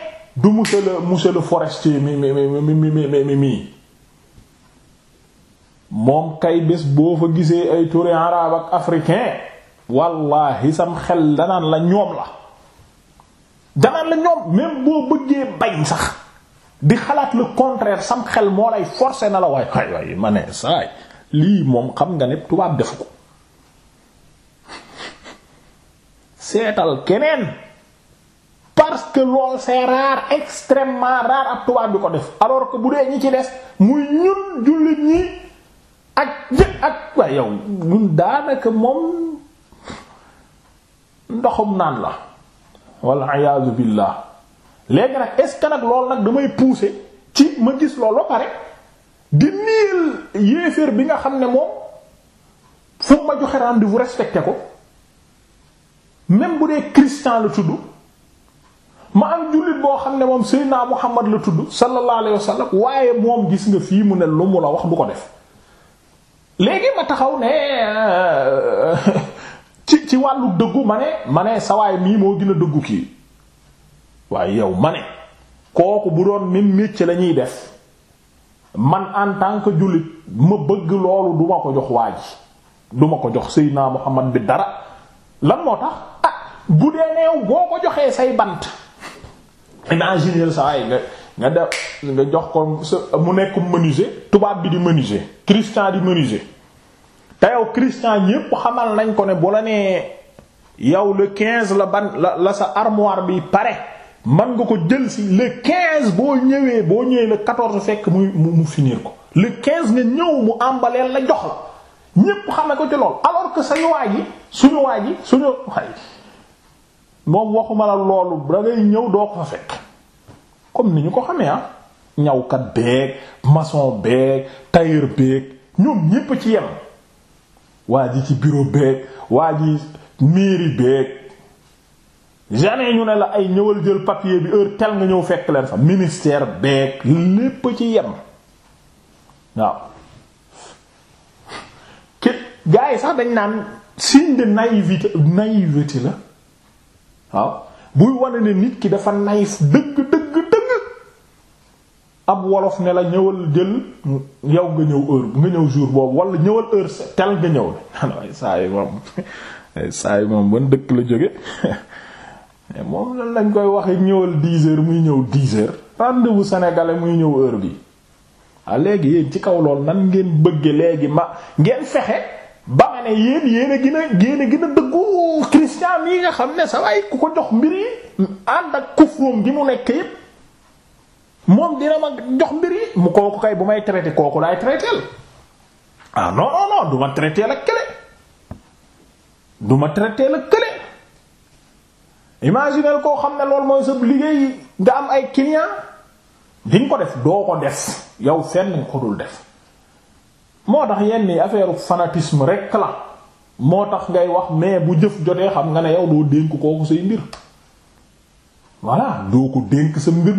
du monsieur le monsieur le forestier mi mi mi mi mi mi moom kay bés boo fa gisee ay touré arabe ak africain wallaahi sam xel danaan la ñoom la danaan la ñoom même boo bëggee bañ sax di xalaat le contraire sam xel moo lay forcer na la waaye ay waay ma ne saay lii moom xam nga ne tubaab defu ko seetal keneen parce que lool c'est rare extrêmement rare ak tubaab bi ko def alors que bu dee ñi ci des muy ñun jullit ñi ak jë ak yow ñun daanaka moom ndoxum naan la walla iyaazu billaah léegi nag est nag loolu nag damay pousser ci ma gis loolu ba pare di niil yéeféer bi nga xam ne moom fu ma joxe rendez-vous respecté ko même bu dee christian la tudd ma am jullit boo xam ne moom Seydina Muhammad la tudd sallallahu alayhi wa waaye moom gis nga fii mu ne lu mu la wax du ko def léegi ma taxaw ne ci ci wàllu dëggu ma ne ma ne sawaay mii moo gën a dëggu kii waaye yow ma ne kooku bu doon même métier la ñuy def man en tant que jullit ma bëgg loolu duma ko jox waa ji duma ko jox Seydina Muhammad bi dara lan moo tax ah bu dee neew boo ko joxee say bant imaginer sawaay nga nga def nga jox ko mu nekk menuisier tubaab bi di menuisier christian di menuisier te yow christian yépp xamal nañ ko ne bu la nee yow le 15 la ban la la sa armoire bi pare man nga ko jël si le 15 boo ñëwee boo ñëwee le 14 fekk muy mu finir ko le 15 nga ñëw mu embaleel la jox la ñépp xame ko ci lool alors que sañu waa ji suñu waa ji suñu waay moom waxuma la loolu da ñëw doo ko fa fekk comme ni ñu ko xamee ah ñawkat beeg maçon beeg tailleur beeg ñoom ñépp ci yem. waa ji ci bureau beeg waa ji mairie beeg jamais ñu ne la ay ñëwal jël papier bi heure tel nga ñëw fekk leen fa ministère beeg lépp ci yem waaw ki gars yi sax dañ naan signe de naïveté naïveté la waaw buy wane ne nit ki dafa naïf dëgg dëgg ab wolof ne la ñëwal jël yow nga ñëw heure nga ñëw jour boobu wala ñëwal heure tel nga ñëw ay saa yi moom ay saa yi moom ban dëkk la jóge moom lan lañ koy waxe ñëwal dix heure muy ñëw dix heures rendez-vous sénégalais muy ñëw heure bi ah léegi yéen ci kaw lool nan ngeen bëgge léegi ma ngeen fexe ba ma ne yéen yéen a gën a a gën dëggu christian yi nga xam ne sa ay ku ko jox mbir ànd ak kufroom gi mu nekk yépp moom dina ma jox mbir yi mu kooku kay bu may traité kooku laay traité ah non non non du ma traité la kële du ma traité la kële imaginez koo xam ne loolu mooy sa liggéey nga am ay client di ko def doo ko def yow fenn nga def moo tax yenn affaire fanatisme rek la moo tax ngay wax mais bu jëf jotee xam nga ne yow doo dénk kooku say mbir voilà doo ko dénk sa mbir.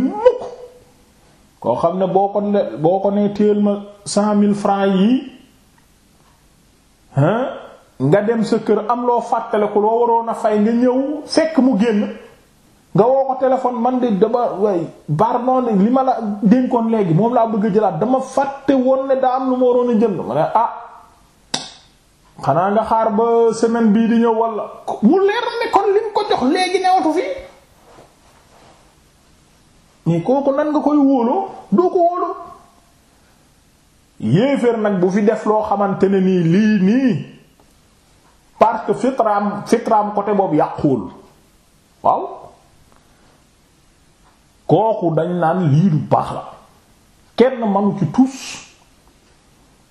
koo xam ne boo ko boo ko ne téel ma cent mille francs yii hein nga dem sa kër am loo fàttale fàttaliku loo waroon a fay nga ñëw fekk mu génn nga woo ko téléphone man de dama way baar noonu li ma la dénkoon léegi moom laa bëgg a jëlaat dama fàtte woon ne daa am lu ma waroon a jënd ma ne ah xanaa nga xaar ba semaine bii di ñëw walla mu leer ne kon lim ko jox léegi newatu fii mais kooku nan nga koy wóoloo doo ko wóoloo yéeféer nag bu fi def loo xamante ne nii lii nii parce que fitraam fitraam côté boobu yàquwul waaw kooku dañ naan lii du baax la kenn manu ci tus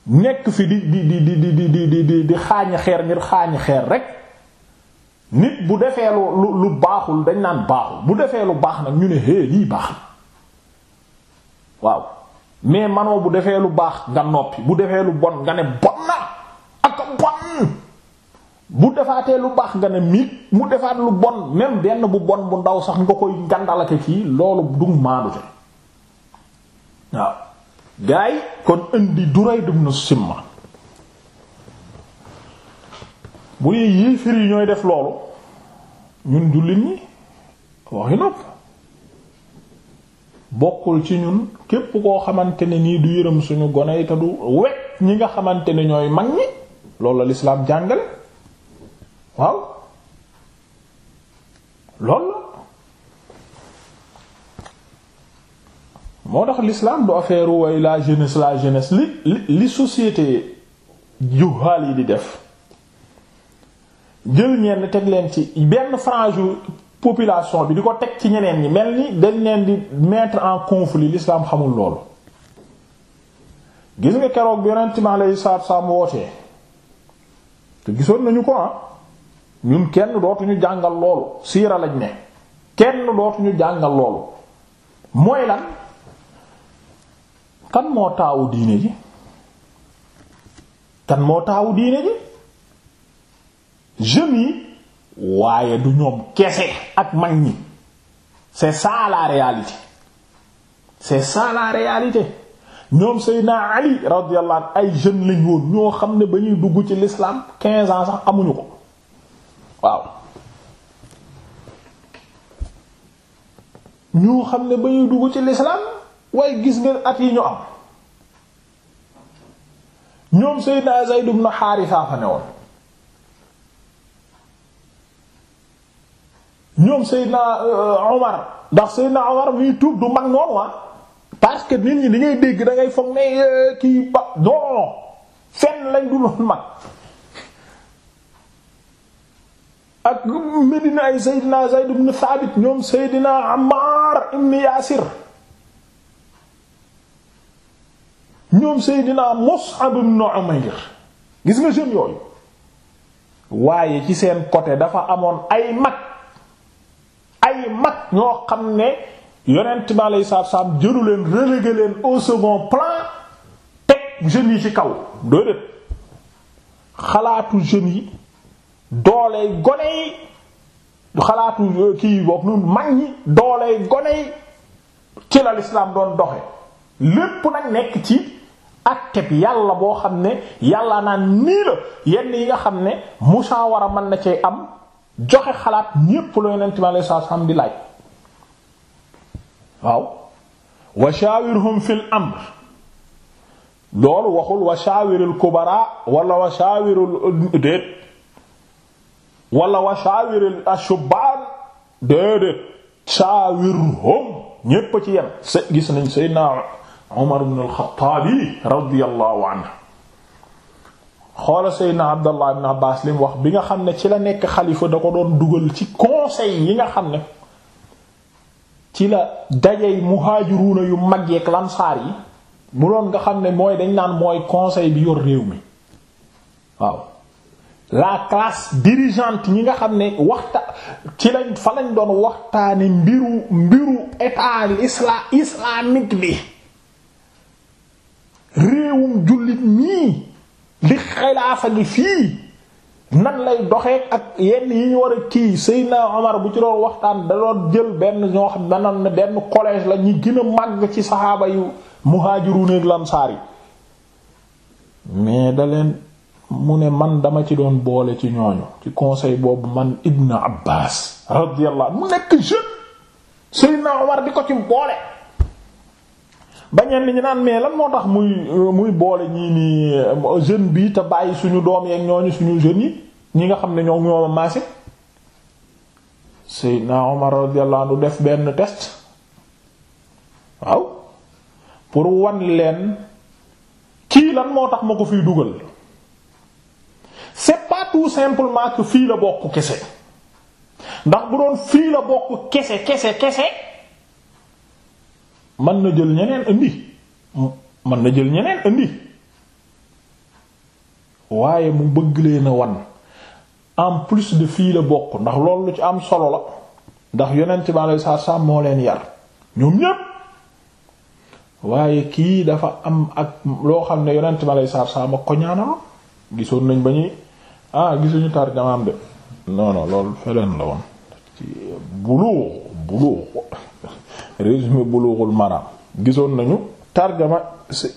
nekk fi di di di di di di di di xaañi xeer ngir xaañi xeer rek nit bu defee lu lu baaxul dañ naan baaxul bu defee lu baax nag ñu ne hé lii baax na waaw mais manoo bu defee lu baax nga noppi bu defee lu bon nga ne bon na ak bon bu defaatee lu baax nga ne mit mu defaat lu bon même benn bu bon bu ndaw sax nga koy ngandalake kii loolu du maanute waaw gars yi kon indi Durayd ibn Simma bu dee yéefir yi ñooy def loolu ñun jullit ñi waxi nopp bokkul ci ñun képp koo xamante ne nii du yërëm suñu gone yi te du wet ñi nga xamante ne ñooy mag ñi loolu la lislaam jàngale waaw loolu moo tax l'islam du affaire way la jeunesse la jeunesse li li société juhaal yi di def jël ñenn teg leen ci benn frange population bi di ko teg ci ñeneen ñi mel ni dañ leen di mettre en conflit l'islam xamul loolu gis nga keroog bi yonent mi alayhi salaatu wassalaam wootee te gisoon nañu ko ah ñun kenn dootuñu jàngal loolu siira lañ ne kenn dootuñu jàngal loolu mooy la kan moo taawu diine ji kan moo taawu diine ji jeunes yi waaye du ñoom kese ak mag ñi c'est ça la réalité c'est ça la réalité ñoom Seydina Ali radiyallahu ay jeunes lañ woon ñoo xam ne ba ñuy dugg ci lislaam quinze ans sax amuñu ko waaw ñoo xam ne ba ñuy dugg ci l'islam waaye gis ngeen at yi ñu am ñoom Seydina Zayd ibn Haarisa fa ne woon ñoom Seydina euh, Omar ndax Seydina Omar muy tuub du mag noonu wa ah. parce que nit ñi li ngay dégg da ngay foog ne euh, kii ba non fenn lañ du doon mag ak Medina ay Seydina Zayd ibn Thabit ñoom Seydina Ammar ñoom Seydina Mus'ab ibn gis nga jeunes yooyu waaye ci seen côté dafa amoon ay mag ay mag ñoo xam ne yonent bi aleyhi salaatu salaam jëru leen relégué leen au second plan teg jeunes yi ci kaw déedéet xalaatu jeunes yi dooley gone yi xalaatu euh, kii boog nun mag ñi dooley gone ci la lislaam doon doxe lépp nag nekk ci acte bi yàlla boo xam ne yàlla naan nii la yenn yi nga xam ne musaawara mën na cay am joxe xalaat ñépp la yonent bi alayhi salaatu salaam di laaj waaw wa shawirhum fil amr loolu waxul wa shawiril kubara wala wa shawirul déet wala wa shawiril ashubban déedéet shawirhum ñépp ci yem gis nañ sayyidina Umar ibn al-Khattabi radiyallahu anhu xoola naa Abdallah ibn Abbas lim wax bi nga xam ne ci la nekk xalifa da ko doon dugal ci conseil yi nga xam ne ci la dajey muhaajiruuna yu mag yeeg lansaar yi mu doon nga xam ne mooy dañ naan mooy conseil bi yor réew mi waaw la classe dirigeante ñi nga xam ne waxta ci lañ fa lañ doon waxtaani mbiru mbiru état isla islamique bi réewum jullit nii li xilaafa gi fii nan lay doxee ak yenn yi ñu war a kii Seydina Omar bu ci doon waxtaan da doon jël benn ñoo xam danan benn collège la ñi gën a màgg ci saxaaba yu muhaajiruun lamsaar yi mais da mu ne man dama ci doon boole ci ñooñu ci conseil boobu man Ibn Abbas radiyallahu mu nekk jeune Seydina Omar di ko ci boole bañeen li ñu naan mais lan moo tax muy muy boole ñii nii jeune bi te bàyyi suñu doom yeeg ñooñu suñu jeunes yi ñi nga xam ne ñoo ñoo maase Seydina Omar radiyallahu anhu def benn test waaw pour wan leen kii lan moo tax ma ko fiy dugal c'est pas tout simplement que fii la bokk kese ndax bu doon fii la bokk kese kese kese man na jël ñeneen indi mën na jël ñeneen indi waaye mu bëgg leen a wan en plus de fii la bokk ndax loolu lu ci am solo la ndax yonent bi alayhi salaatu salaam moo leen yar ñoom ñépp waaye kii dafa am ak loo xam ne yonent bi alayhi salaatu salaam ak ko ñaanal gisoon nañ ba ñuy ah gisuñu tarjamaam de non loolu feleen la woon ci buloo résumé Bulughul Maram gisoon nañu tarjama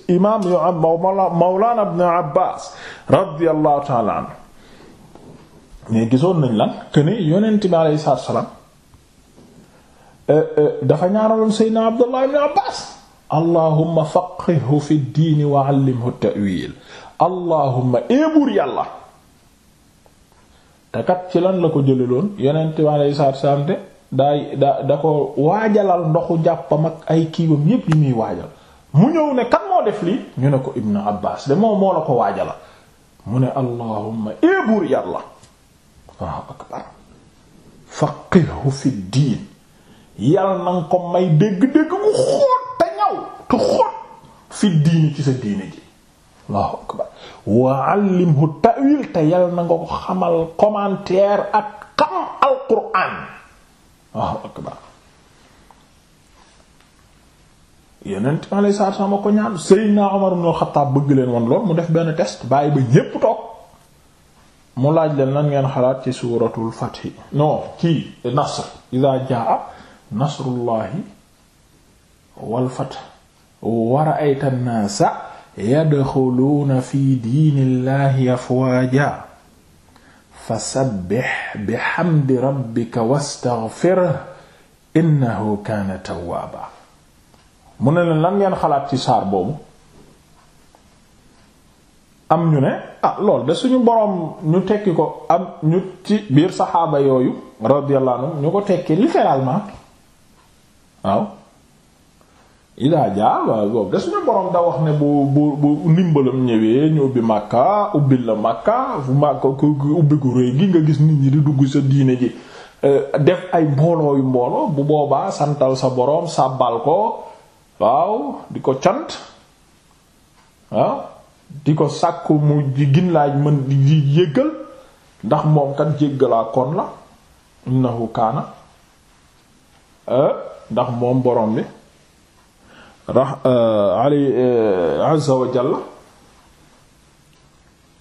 imaam yu am Mawlana Ibn Abbas radiyallahu ta'ala anhu mais gisoon nañ lan que ne yonent bi alayhi salaatu salaam euh, euh, dafa ñaanaloon Seydina Abdullah ibn Abbas allahumma faqqihhu fi diini wa 'allimhu ta'wiil allahumma eebur yàlla te kat ci lan la ko jëleloon yonent bi alayhi salaatu salaam de daay da da ko waajalal ndoxu jàppam ak ay kiiwam yépp yi muy waajal mu ñëw ne kan moo def lii ñu ne ko Ibn Abbas de moom moo la ko waajala mu ne allahumma eebuur yàlla waaw akbar faqihhu fi diin yàlla na nga ko may dégg-dégg mu xóot te ñaw te xóot fi diini ci sa diini ji allahu akbar wa allimhu ta'wil te yàlla na nga ko xamal commentaire ak xam al quraan waaw akbar yeneen alayhi salaam a ko ñaan Seydina Omar ibn Khattab bëgg leen woon lool mu def benn test bàyyi ba ñépp toog mu laaj leen lan ngeen xalaat ci suuratul Fath non kii nasr idaa jaa nasrullahi wal fath wa ra'ayta an-naasa yadxuluuna fi diinillahi afwaaja fa bi bihamdi rabbika wastaghfirhu innahu kaan tawwaaba mu ne lan ngeen xalaat ci saar boobu am ñu ne ah lool de suñu boroom ñu tekki ko am ñu ci biir saxaaba yooyu radiyallahu anhum ñu ko tekki littéralement waaw ida ja ah, waaw boobu de suñu borom da wax ne bu bu bu ndimbalam ñëwee ñu ubbi màkka ubbi la màkka fu màkka ubbi gu rëy gi nga gis nit ñi di dugg sa diine ji euh, def ay mboolooyu yu mbooloo bu boobaa santal sa borom sàbbal ko waaw di ko cant waaw ah, di ko sàkku mu gin laaj mën di yëggal ndax moom kat jéggalaa kon la innahu kaana euh, ndax moom boroom bi Euh, ali euh, azza wa jalla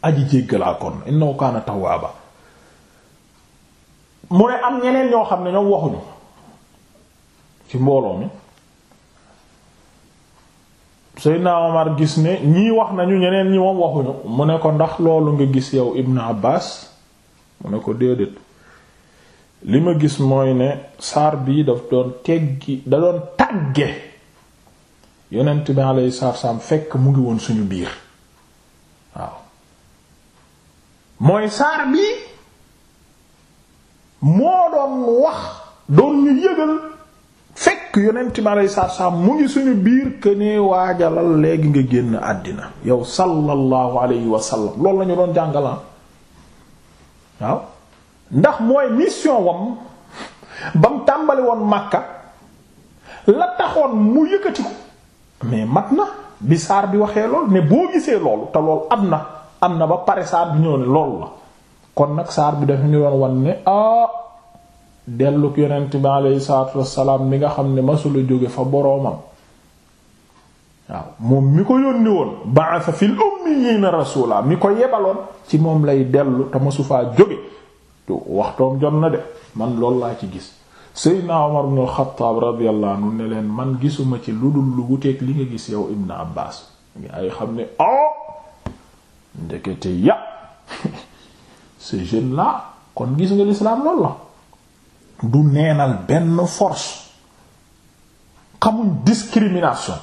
aji jéggalaa kon innahu mu ne am ñeneen ñoo xam ne ñoom waxuñu ci mbooloo mi Seydina Omar gis ne ñii wax nañu ñeneen ñi moom waxuñu mu ne ko ndax loolu nga gis yow Ibn Abbas mu ne ko déedéet li ma gis mooy ne saar bii daf doon teggi da doon tàgge yonent bi alayhi salaam fekk mu ngi woon suñu biir waaw mooy saar bi moo doon wax doon ñu yëgal fekk yonent bi alayhi salaam mu ngi suñu biir que ne waajalal léegi nga génn àddina yow sallallahu alayhi wa sallam loolu la doon jàngalaan ah. waaw ndax mooy mission wam ba mu tàmbali woon Makka la taxoon mu yëkkati ko mais mat na bi saar bi waxee lool ne boo gisee loolu te lool am na am na ba pare saar bi ñëw ne loolu la kon nag saar bi daf ñu doon wan ne ah delluk yonent bi aleyhi salaatu wassalaam mi nga xam ne masula jóge fa boroomam waaw moom mi ko yónni woon ba'atha fil ummiyina rasula mi ko yebaloon ci moom lay dellu te masu faa jóge waxtoom jot na de man loolu laa ci gis Seydina Omar ibn al-Khattab radiyallahu leen man gisuma ci lu dul lu wuteeg li nga gis yow Ibn Abbas ay xam ne oh ndekete ya ces jeunes là kon gis nga l'islam lool la du neenal benn force xamuñ discrimination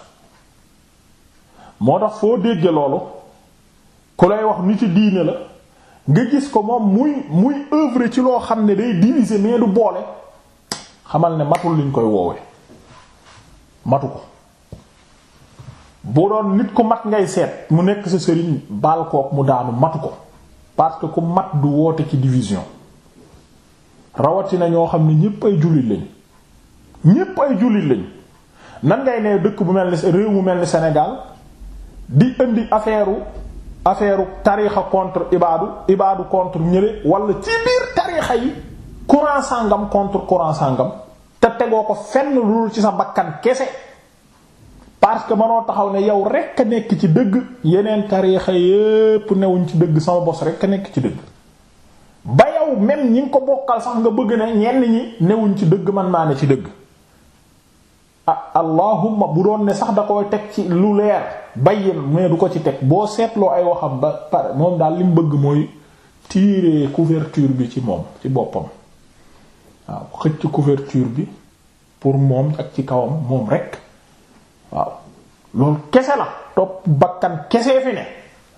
moo tax foo dégge loolu ku lay wax nit ci diine la nga gis ko moom muy muy œuvre ci loo xam ne day diviser mais du boole xamal ne matul liñ koy woowe matu ko bu doon nit ku mat ngay seet mu nekk sa sëriñ baal kook mu daanu matu ko parce que ku mat du woote ci division rawatina ñoo xam ne ñépp ay jullit lañ ñépp ay jullit lañ nan ngay ne dëkk bu mel ni réew mu mel ni senegal di indi affaire affaire tariixa contre ibaadu ibaadu contre ñële wala ci biir tariixa yi. courant sàngam contre courant sàngam te tegoo ko fenn lu ci sa bakkan kese parce que manoo taxaw ne yow rekk a nekk ci dëgg yeneen tariixa yépp newuñ ci dëgg sama bos rekk a nekk ci dëgg ba yow même ñi nga ko bokkal sax nga bëgg na ñenn ñi newuñ ci dëgg man naa ne ci dëgg ah allahumma bu doon ne sax da koy teg ci lu leer bayyin mais du ko ci teg boo seetloo ay waxam ba pare moom daal li bëgg mooy tirer couverture bi ci moom ci boppam waaw xëcc couverture bi pour moom ak ci kawam moom rek waaw loolu kese la topp bakkan kese fi ne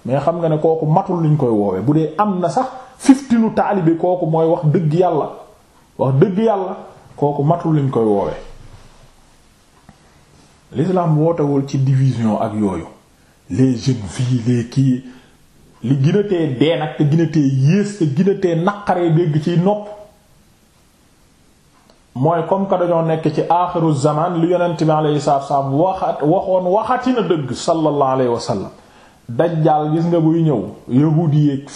mais xam nga ne kooku matul liñ koy woowe bu dee am na sax fiftinu taalibe kooku mooy wax dëgg yàlla wax dëgg yàlla kooku matul liñ koy woowee l'islam wootewul ci division ak yooyu les jeunes filles les kii li gën a tee dee nag te gën yées te gën naqaree dégg ci nopp mooy comme que dañoo nekk ci aaxiru zaman lu yonent bi alayhi salaatu wasallam waxat waxoon waxatina dëgg sallallahu alayhi wa sallam dajjaal gis nga buy ñëw yahuudi yeeg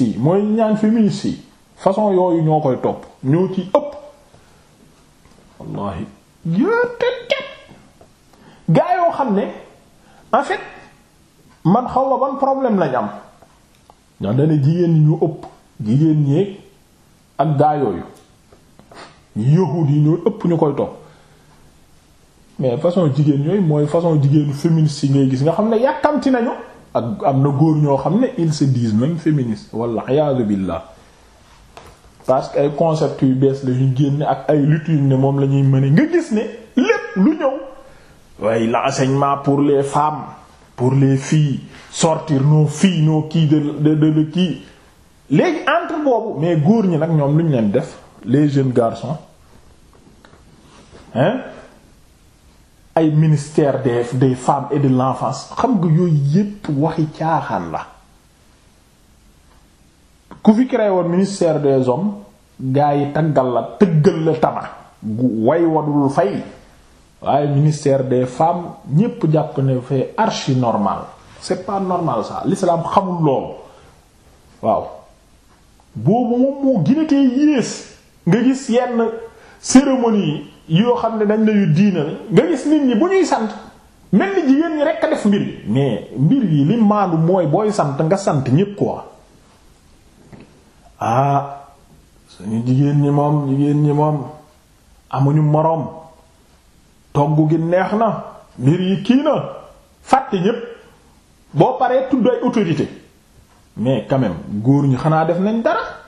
yi mooy ñaan féministes yi façon yooyu ñoo koy topp ñoo ci ëpp wallahi yoo xam ne en fait man xaw ma ban problème lañ am ñoo dane jigéen ñu ëpp jigéen ñeeg ak gaa yooyu yahuud yi ñooy ëpp ñu koy topp mais façon jigéen ñooyu mooy façon jigéenu féministe yi ngay gis nga xam ne yàkkamti nañu ak am na góor ñoo xam ne ils se disent même féministes walla iyaadu billah parce que ay concept yu bees la ñu génne ak ay lutte yu ne moom la ñuy mëne nga gis ne lépp lu ñëw waaye l'enseignement pour les femmes pour les filles sortir nos filles nos kii de de de kii léegi entre boobu mais góor ñi nag ñoom lu ñu leen def les jeunes garçons hein ay ministère des des femmes et de l'enfance xam nga yooyu yépp waxi caaxaan la ku fi créé woon ministère des hommes gaa yi taggal la tëggal la tama gu way wadul fay waaye ministère des femmes ñépp jàpp ne fee archi normal c'est pas normal ça l'islam xamul loolu waaw boobu moo gën a tee yées nga gis yenn cérémonie yi yoo xam ne dañ la yu diina nga gis nit ñi bu ñuy sant mel ni jigéen ñi rekk a def mbir yi mais mbir yi li maandu mooy booy sant nga sant ñépp quoi ah suñu jigéen ñi moom jigéen ñi moom amuñu moroom togg gi neex na mbir yi kii na fàtte ñépp boo paree tudd ay autorité mais quand góor ñi xanaa def nañ dara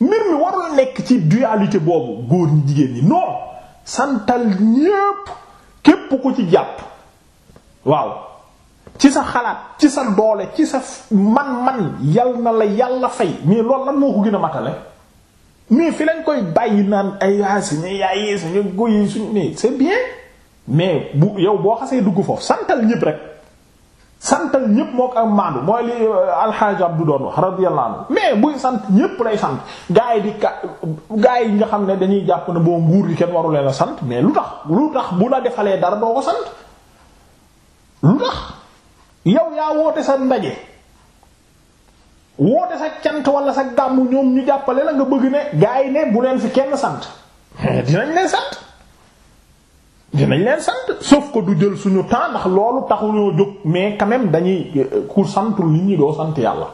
mbir mi warul nekk ci dualité boobu góor ñi jigéen ñi non santal ñépp képp ku ci jàpp waaw ci sa xalaat ci sa doole ci sa man-man yal na la yàlla fay mais loolu lan moo ko gën a matale mais fi lañ koy bàyyi naan ay waa ah, suñu yaay yi suñu góy yi suñu mais c'est bien mais bu yow boo xasee dugg foofu santal ñépp rek santal ñépp moo ko ak maandu mooy li euh, alxaaji Abdu doon wax radiyallahu anhu mais buy sant ñépp lay sant gaa yi di ka gaa yi nga xam ne dañuy jàpp ne boo nguur gi kenn waru leen sant mais lu tax lu tax bu la defalee dara doo ko sant lu tax yow yaa woote sa ndaje woote sa cant wala sa gàmmu ñoom ñu jàppale la nga bëgg ne gaa yi ne bu leen fi kenn sant dinañ leen sant dinañ leen sant sauf ko du jël suñu temps loolu taxu taxuñoo jóg mais quand même dañuy ku santul nit ñi doo sant yàlla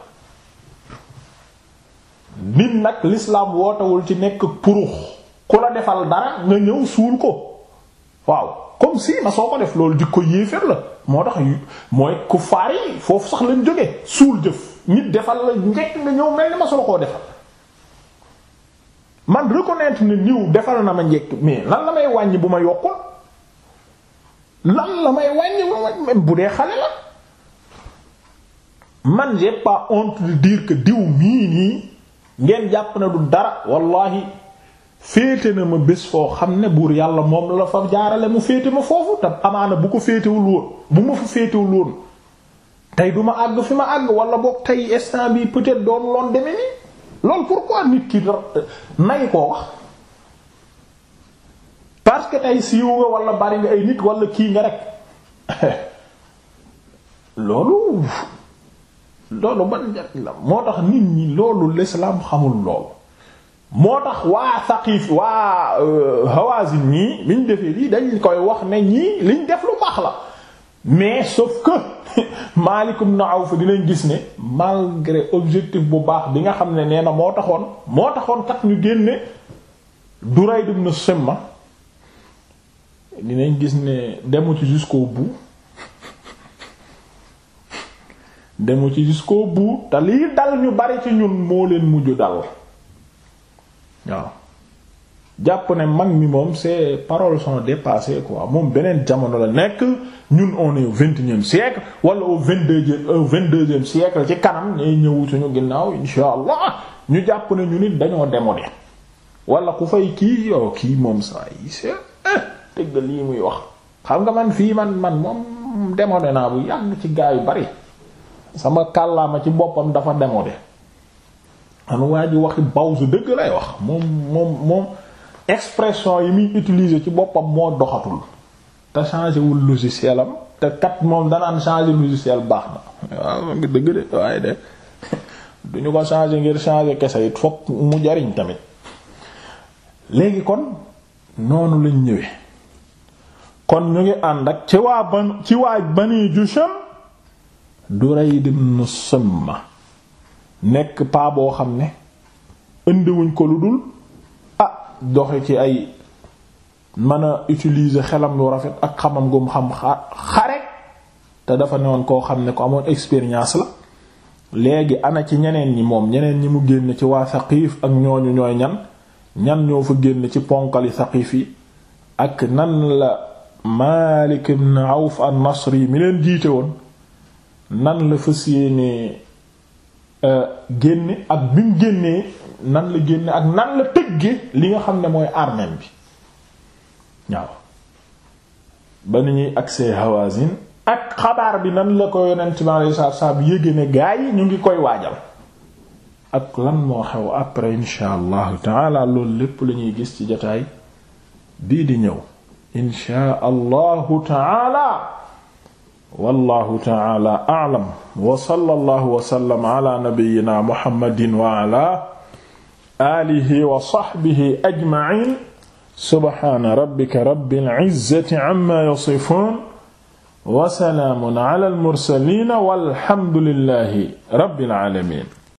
nit nag l'islam wootewul ci nekk purux ku la defal dara nga ñëw suul ko waaw comme si ma soo ko def loolu jikko yéeféer la moo tax mooy ku faar yi foofu sax lañ jóge suul jëf nit defal la njekk nga ñëw mel ni ma solo koo defal man reconnaître ne niw defal na ma njekk mais lan la may wàññi bu ma yokkul lan la may wàññi ma wàññi bu dee xale la man j'ai pas honte de diw mii nii ngeen jàpp na du dara wallahi féete na ma bés foo xam ne buur yàlla moom la fa jaarale mu féete ma foofu te amaana bu ko féetewul woon bu ma fa féetewul woon tey du ma àgg fi ma àgg wala boog tey instant bi peut-être doon loon deme nii loolu pourquoi nit ki nay koo parce que tey siiw nga wala bari nga ay nit wala kii nga rek loolu loolu ban njariñ la moo tax nit ñi loolu l'islam xamul loolu moo tax waa Saqif waa euh, Hawazin ñii liñ defee lii dañ koy wax ne ñi liñ def lu baax la mais sauf que Malik ibn Awf dinañ gis ne malgré objectif bu baax bi nga xam ne nee na moo taxoon moo taxoon kat ñu génne Durayd ibn Simma dinañ gis ne demu ci jusqu'au bout demu ci jusqu'au bout te lii dal ñu bari ci ñun moo leen mujj dal waaw jàpp ne mag mi moom ces paroles sont dépassées quoi moom beneen jamono la nekk ñun on est au vingt-et-unième siècle wala au vingt-deuxième au vingt-deuxième siècle ci kanam ñay ñëwu suñu ginnaaw insha allah ñu jàpp ne ñu nit dañoo démodé wala ku fay kii yow oh, kii moom saa yi tegtal lii muy wax xam nga man fii man man moom demoon naa bu yàgg ci gaa yu bari sama kàllaama ci boppam dafa demode man waa ji waxi baw su dëgg lay wax moom moom moom expression yi muy utiliser ci boppam moo doxatul te changé wul logiciel am te kat moom danaan changé logiciel baax na waaw ngi dëgg de waaye de du ñu ko changé ngir changé kese it fokk mu jariñ tamit léegi kon noonu lañ ñëwee kon ñu ngi ànd ak ci waa ban ci waa bani Jusham Durayd ibn Samma nekk paa boo xam ne indiwuñ ko lu dul a ah, doxe ci ay mën a utilise xelam lu rafet ak xamam gum xam xare te dafa ne woon koo xam ne ko amoon expérience la léegi ana ci ñeneen ñi moom ñeneen ñi mu génn ci waa Saqiif ak ñooñu ñooy ñan ñan ñoo fa génn ci ponkali Saqiif yi ak nan la Malik ibn Awf an-Nasri mi leen jiite woon nan la fas yéenee euh, génne ak bi génnee nan la génne ak nan la tëgge li nga xam ne mooy armem bi waaw ba ni ñuy agsee Hawazin ak xabaar bi nan la ko yonent bi alayhi salaatu salaam yége ne gaa yi ñu ngi koy waajal ak lan moo xew après insha allahu taala loolu lépp lañuy gis ci jotaay bii di ñëw inshaa allahu taala wallahu taala a'lam wa sallallahu wa sallam ala nabiyyina muhammadin wa ala alihi wa sahbihi ajma'in subhana rabbika rabbil izzati amma yasifun wa salaamun ala al mursalin walhamdulillahi rabbil alamin